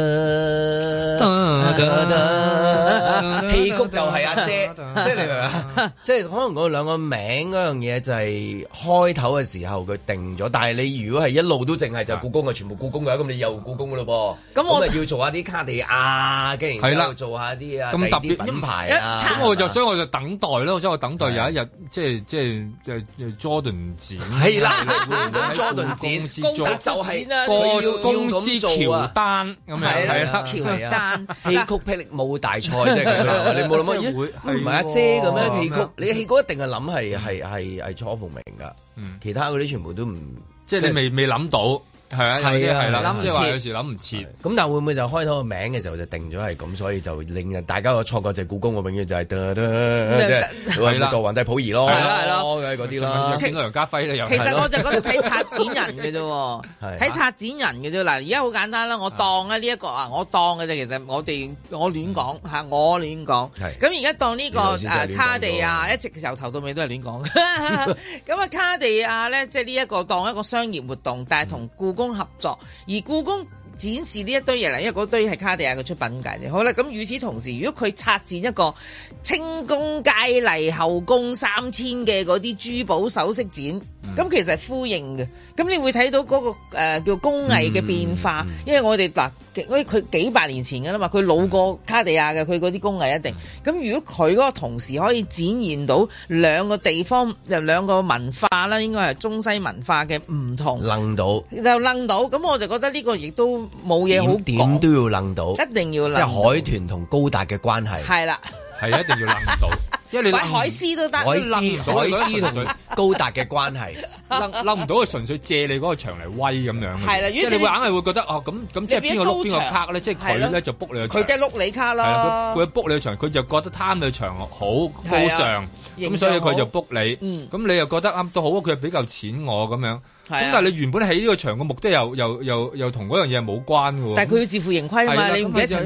噠噠噠，戲曲就係、是、阿姐， 即係你明嘛？ 即係可能嗰兩個名嗰樣嘢就係開頭嘅時候佢定咗。但係你如果係一路都淨係就故宮嘅，是全部故宮嘅，咁你又故宮噶咯噃？咁我哋要做下啲卡地亞嘅，係啦，做下啲啊咁特別品牌啊。咁我就所以我就等待咯，所以我等待的有一日即係即係。就是就就 Jordan 展係啦，Jordan 公司就係個公司喬丹咁樣，係啦，啊，丹戲曲霹靂舞大賽啫，你冇諗過咦？唔係阿姐嘅咩？戲曲你戲曲一定係諗係係係係楚鳳鳴噶，其他嗰啲全部都唔，即係你未未諗到。係啊，係啊，諗唔切，有時諗唔切。咁但會唔會就開頭個名嘅時候就定咗係咁，所以就令人大家個錯覺就係故宮，我永遠就係得得，即係做皇帝溥儀咯，多嘅嗰啲咯。演個梁家輝咧又。其實我就我哋睇策展人嘅啫，睇策展人嘅啫。嗱，而家好簡單啦，我當啊呢一個啊，我當嘅啫。其實我哋我亂講吓，我亂講。咁而家當呢個誒卡地亞，一直由頭到尾都係亂講。咁啊，卡地亞咧，即係呢一個當一個商業活動，但係同故宮。合作，而故宮展示呢一堆嘢嚟，因為嗰堆係卡地亞嘅出品界嘅。好啦，咁與此同時，如果佢策展一個清宮佳麗後宮三千嘅嗰啲珠寶首飾展，咁其實係呼應嘅，咁你會睇到嗰、那個誒、呃、叫工藝嘅變化，mm hmm. 因為我哋嗱。佢幾百年前嘅啦嘛，佢老過卡地亞嘅，佢嗰啲工藝一定。咁如果佢嗰個同時可以展現到兩個地方就兩個文化啦，應該係中西文化嘅唔同，掕到就掕到。咁我就覺得呢個亦都冇嘢好講，點,點都要掕到，一定要掕到。即係海豚同高達嘅關係，係啦，係一定要掕到。 因為你，買海獅都得，諗唔到海獅同佢高達嘅關係，諗唔到佢純粹借你嗰個場嚟威咁樣。係啦，即係你會硬係會覺得哦，咁咁即係邊個邊個卡咧？即係佢咧就 book 你，佢嘅碌你卡咯。佢佢 book 你場，佢就覺得貪你場好高尚，咁所以佢就 book 你。咁你又覺得啱都好啊，佢俾嚿錢我咁樣。咁但係你原本喺呢個場嘅目的又又又又同嗰樣嘢冇關喎。但係佢要自負盈虧啊嘛，你唔好長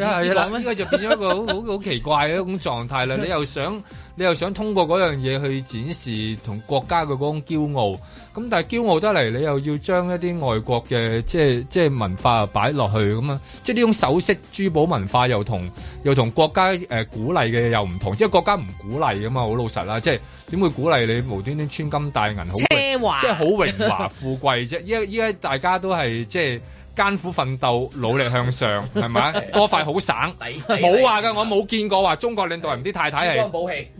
就變咗一個好好奇怪嘅一種狀態啦。你又想～你又想通過嗰樣嘢去展示同國家嘅嗰種驕傲，咁但係驕傲得嚟，你又要將一啲外國嘅即係即係文化擺落去咁啊！即係呢種首飾珠寶文化又同又同國家誒、呃、鼓勵嘅又唔同，即係國家唔鼓勵㗎嘛，好老實啦！即係點會鼓勵你無端端穿金戴銀好奢華，即係好榮華富貴啫！依依家大家都係即係。艱苦奮鬥，努力向上，係咪？ 多快好省，冇話噶，我冇見過話中國領導人啲太太係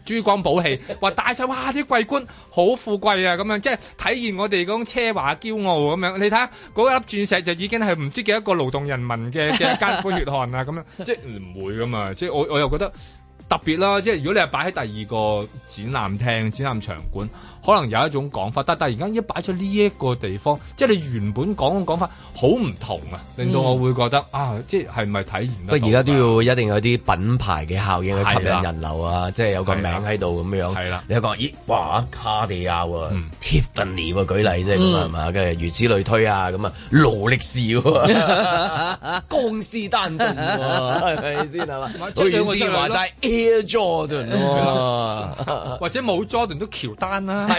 珠光寶氣，話 大晒，哇！啲貴官好富貴啊，咁樣即係體現我哋嗰種奢華驕傲咁樣。你睇下嗰粒鑽石就已經係唔知幾多個勞動人民嘅嘅艱苦血汗啊，咁樣即係唔會噶嘛。即係我我又覺得特別啦。即係如果你係擺喺第二個展覽廳，展覽場館。可能有一種講法，但係而家一擺出呢一個地方，即係你原本講講法好唔同啊，令到我會覺得啊，即係係咪體現？不過而家都要一定有啲品牌嘅效應去吸引人流啊，即係有個名喺度咁樣。係啦，你講咦？哇！卡地亞喎，鐵達尼喎，舉例啫嘛係嘛？如此類推啊，咁啊，勞力士，江詩丹頓，係咪先係嘛？好意話就係 Air Jordan 喎，或者冇 Jordan 都喬丹啦。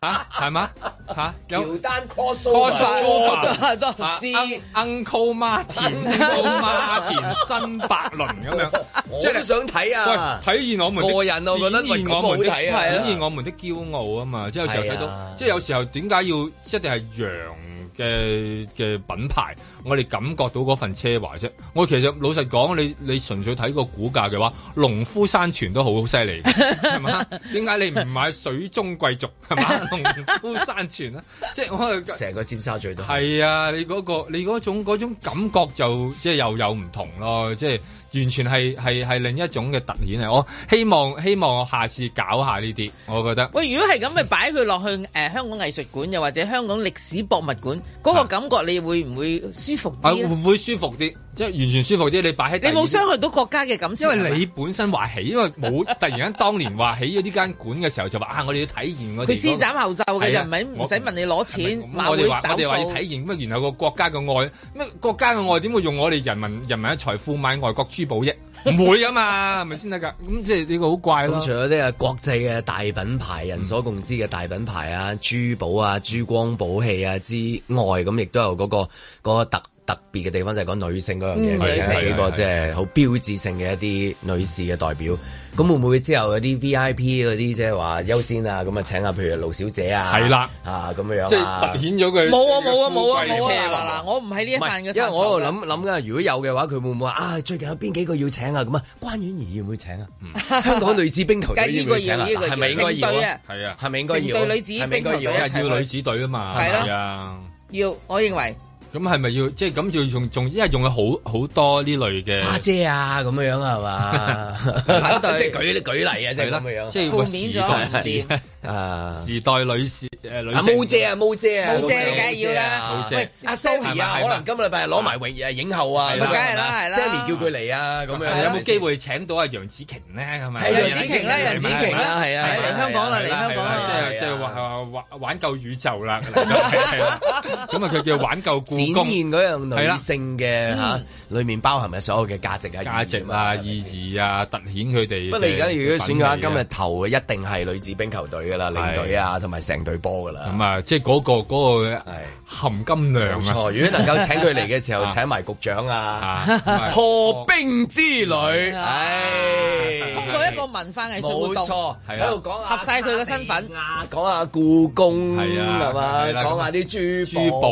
吓，係嘛吓，喬丹 coscos 哥，啊，啊、知、uh, Uncle Martin，Uncle Martin 新百倫咁樣，我即係是都想睇啊！喂，體現我們個人咯，覺得唔好睇啊！體現我們的驕是、啊、傲啊嘛，即係有時候睇到，是啊、即係有時候點解要一定係羊？嘅嘅品牌，我哋感覺到嗰份奢華啫。我其實老實講，你你純粹睇個股價嘅話，農夫山泉都好好犀利，係嘛？ 點解你唔買水中貴族係嘛？農 夫山泉啦，即係我成個尖沙咀都係啊！你嗰個、你嗰種、嗰種感覺就即係又有唔同咯，即係。即完全係係係另一種嘅特顯嚟，我希望希望我下次搞下呢啲，我覺得。喂，如果係咁，咪擺佢落去誒、呃、香港藝術館又或者香港歷史博物館嗰個感覺你會唔會舒服啲？會唔會舒服啲。即係完全舒服啫，你擺喺你冇傷害到國家嘅感，因為你本身話起，因為冇 突然間當年話起咗呢間館嘅時候就話啊，我哋要體現我佢先斬後奏嘅，啊、人民唔使問你攞錢，我哋話我哋話要體現乜然後個國家嘅愛乜國家嘅愛點會用我哋人民人民嘅財富買外國珠寶啫？唔 會啊嘛，咪先得噶，咁即係呢個好怪咯。嗯、除咗啲啊國際嘅大品牌，人所共知嘅大品牌啊、珠寶啊、珠光寶器啊之外，咁亦都有嗰，嗰個，嗰個特。特別嘅地方就係講女性嗰樣嘢，女性幾個即係好標誌性嘅一啲女士嘅代表。咁會唔會之後有啲 V I P 嗰啲即係話優先啊？咁啊請下譬如盧小姐啊，係啦，嚇咁樣啊，即係突顯咗佢。冇啊冇啊冇啊冇啊！嗱，我唔係呢一份嘅，因為我喺度諗諗緊，如果有嘅話，佢會唔會話啊？最近有邊幾個要請啊？咁啊，關婉兒要唔要請啊？香港女子冰球隊要唔要請啊？係咪應該要啊？啊，係咪應該要啊？成隊女子冰球隊一要女子隊啊嘛，係啊，要，我認為。咁係咪要即係咁要用仲一係用咗好好多呢類嘅花姐啊，咁樣樣啊嘛，即係 定 舉例舉例啊，即係咁樣，豁免咗唔少。誒時代女士誒女性，毛姐啊，毛姐啊，毛姐梗係要啦。喂，阿 Sally 啊，可能今個禮拜攞埋榮誒影后啊，咁梗係啦，係啦。Sally 叫佢嚟啊，咁樣有冇機會請到阿楊紫瓊咧？係咪？係楊紫瓊啦，楊紫瓊啦，係啊，嚟香港啦，嚟香港。即係即係話話玩救宇宙啦，咁啊，佢叫玩救。展現嗰樣女性嘅嚇，裡面包含嘅所有嘅價值啊，價值啊，意義啊，突顯佢哋。不過你而家如果選嘅話，今日投嘅一定係女子冰球隊啊。啦，領隊啊，同埋成隊波㗎喇，咁啊，即係嗰個嗰個含金量啊。如果能夠請佢嚟嘅時候，請埋局長啊，破冰之旅，通過一個文化藝術活動，喺度講合晒佢嘅身份，講下故宮係嘛，講下啲珠寶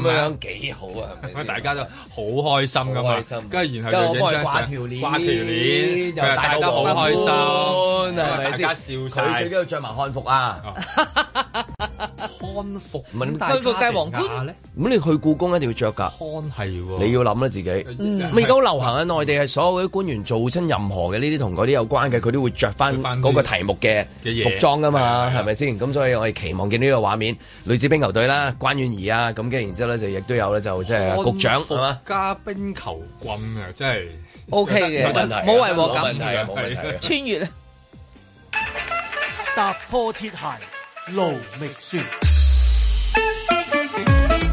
咁樣幾好啊。咁大家就好開心咁啊，跟住然後再掛條鏈，掛條鏈又大家好開心啊，大家笑晒，佢最緊要著埋開。漢服啊！漢服，漢服帝王冠咧。咁你去故宮一定要着噶。漢係喎，你要諗啦自己。咁而家好流行喺內地，係所有啲官員做親任何嘅呢啲同嗰啲有關嘅，佢都會着翻嗰個題目嘅服裝噶嘛，係咪先？咁所以我哋期望見到呢個畫面，女子冰球隊啦，關婉儀啊，咁跟然之後咧就亦都有咧就即係局長係嘛？加冰球棍啊，即係 OK 嘅，冇違和感，冇問題，冇問題，穿越啊！踏破鐵鞋路未絕。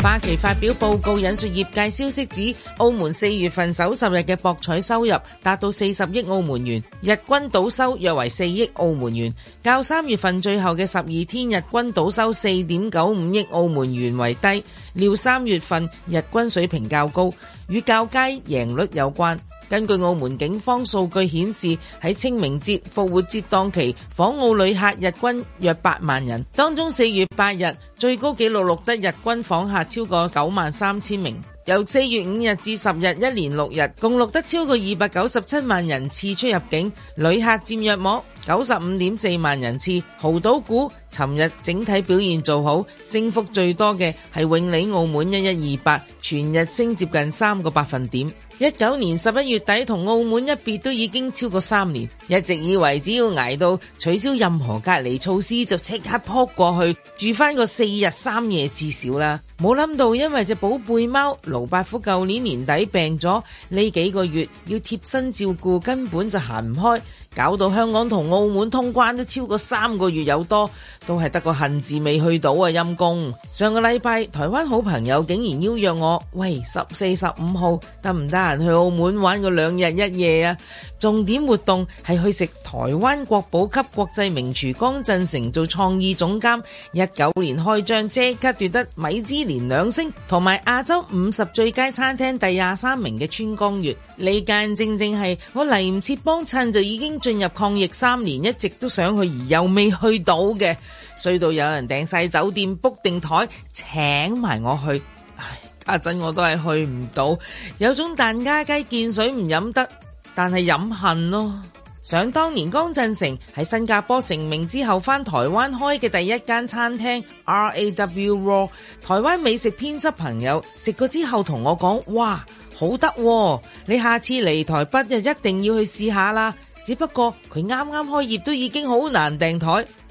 百奇發表報告引述業界消息指，澳門四月份首十日嘅博彩收入達到四十億澳門元，日均賭收約為四億澳門元，較三月份最後嘅十二天日均賭收四點九五億澳門元為低。料三月份日均水平較高，與較佳贏率有關。根據澳門警方數據顯示，喺清明節復活節檔期，訪澳旅客日均約八萬人。當中四月八日最高紀錄錄得日均訪客超過九萬三千名。由四月五日至十日，一連六日共錄得超過二百九十七萬人次出入境旅客佔約莫九十五點四萬人次。濠賭股尋日整體表現做好，升幅最多嘅係永利澳門一一二八，全日升接近三個百分點。一九年十一月底同澳門一別，都已經超過三年，一直以為只要挨到取消任何隔離措施就即刻撲過去住翻個四日三夜至少啦，冇諗到因為隻寶貝貓盧伯虎舊年年底病咗，呢幾個月要貼身照顧，根本就行唔開。搞到香港同澳門通關都超過三個月有多，都係得個恨字未去到啊！陰公，上個禮拜台灣好朋友竟然邀約我，喂，十四十五號得唔得閒去澳門玩個兩日一夜啊？重點活動係去食台灣國寶級國際名廚江振成做創意總監，一九年開張即刻奪得米芝蓮兩星，同埋亞洲五十最佳餐廳第廿三名嘅川江月，呢間正正係我嚟唔切幫襯就已經。進入抗疫三年，一直都想去，而又未去到嘅，衰到有人訂晒酒店，book 定枱請埋我去。唉，家陣我都係去唔到，有種蛋家雞見水唔飲得，但係飲恨咯。想當年江振誠喺新加坡成名之後，翻台灣開嘅第一間餐廳 R A W Raw，台灣美食編輯朋友食過之後同我講：哇，好得喎，你下次嚟台北就一定要去試下啦。只不過佢啱啱開業都已經好難訂台，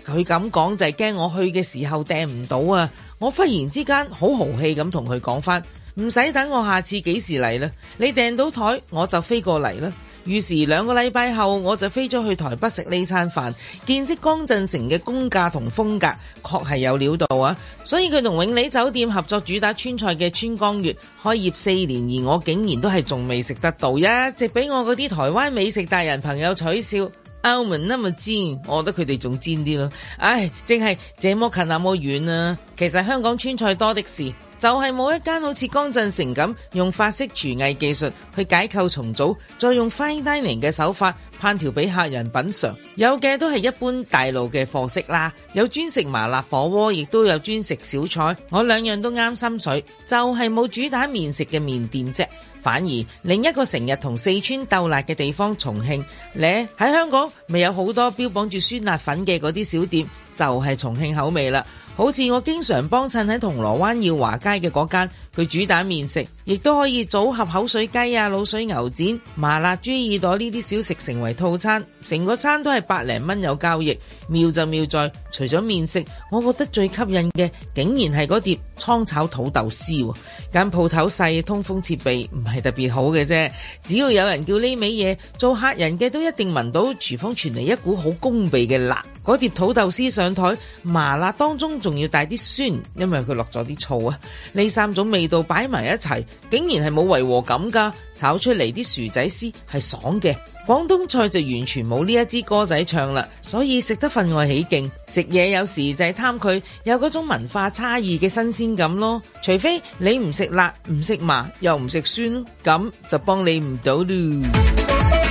佢咁講就係、是、驚我去嘅時候訂唔到啊！我忽然之間好豪氣咁同佢講翻，唔使等我下次幾時嚟啦，你訂到台我就飛過嚟啦。於是兩個禮拜後，我就飛咗去台北食呢餐飯，見識江振誠嘅工價同風格，確係有料到啊！所以佢同永利酒店合作主打川菜嘅川江月開業四年，而我竟然都係仲未食得到呀、啊，一直俾我嗰啲台灣美食達人朋友取笑。澳門那麼煎，我覺得佢哋仲煎啲咯。唉，淨係這麼近那、啊、麼遠啊。其實香港川菜多的是，就係、是、冇一間好似江振誠咁用法式廚藝技術去解構重組，再用 fine dining 嘅手法烹調俾客人品嘗。有嘅都係一般大路嘅貨色啦，有專食麻辣火鍋，亦都有專食小菜。我兩樣都啱心水，就係冇主打麵食嘅麵店啫。反而另一個成日同四川鬥辣嘅地方重慶，咧，喺香港咪有好多標榜住酸辣粉嘅嗰啲小店，就係重慶口味啦。好似我經常幫襯喺銅鑼灣耀華街嘅嗰間。佢主打麵食，亦都可以組合口水雞啊、滷水牛展、麻辣豬耳朵呢啲小食成為套餐，成個餐都係百零蚊有交易。妙就妙在，除咗麵食，我覺得最吸引嘅竟然係嗰碟嗆炒土豆絲。間鋪頭細，通風設備唔係特別好嘅啫。只要有人叫呢味嘢，做客人嘅都一定聞到廚房傳嚟一股好攻鼻嘅辣。嗰碟土豆絲上台，麻辣當中仲要帶啲酸，因為佢落咗啲醋啊。呢三種味。味道擺埋一齊，竟然係冇違和感㗎，炒出嚟啲薯仔絲係爽嘅。廣東菜就完全冇呢一支歌仔唱啦，所以食得分外起勁。食嘢有時就係貪佢有嗰種文化差異嘅新鮮感咯，除非你唔食辣、唔食麻、又唔食酸，咁就幫你唔到啦。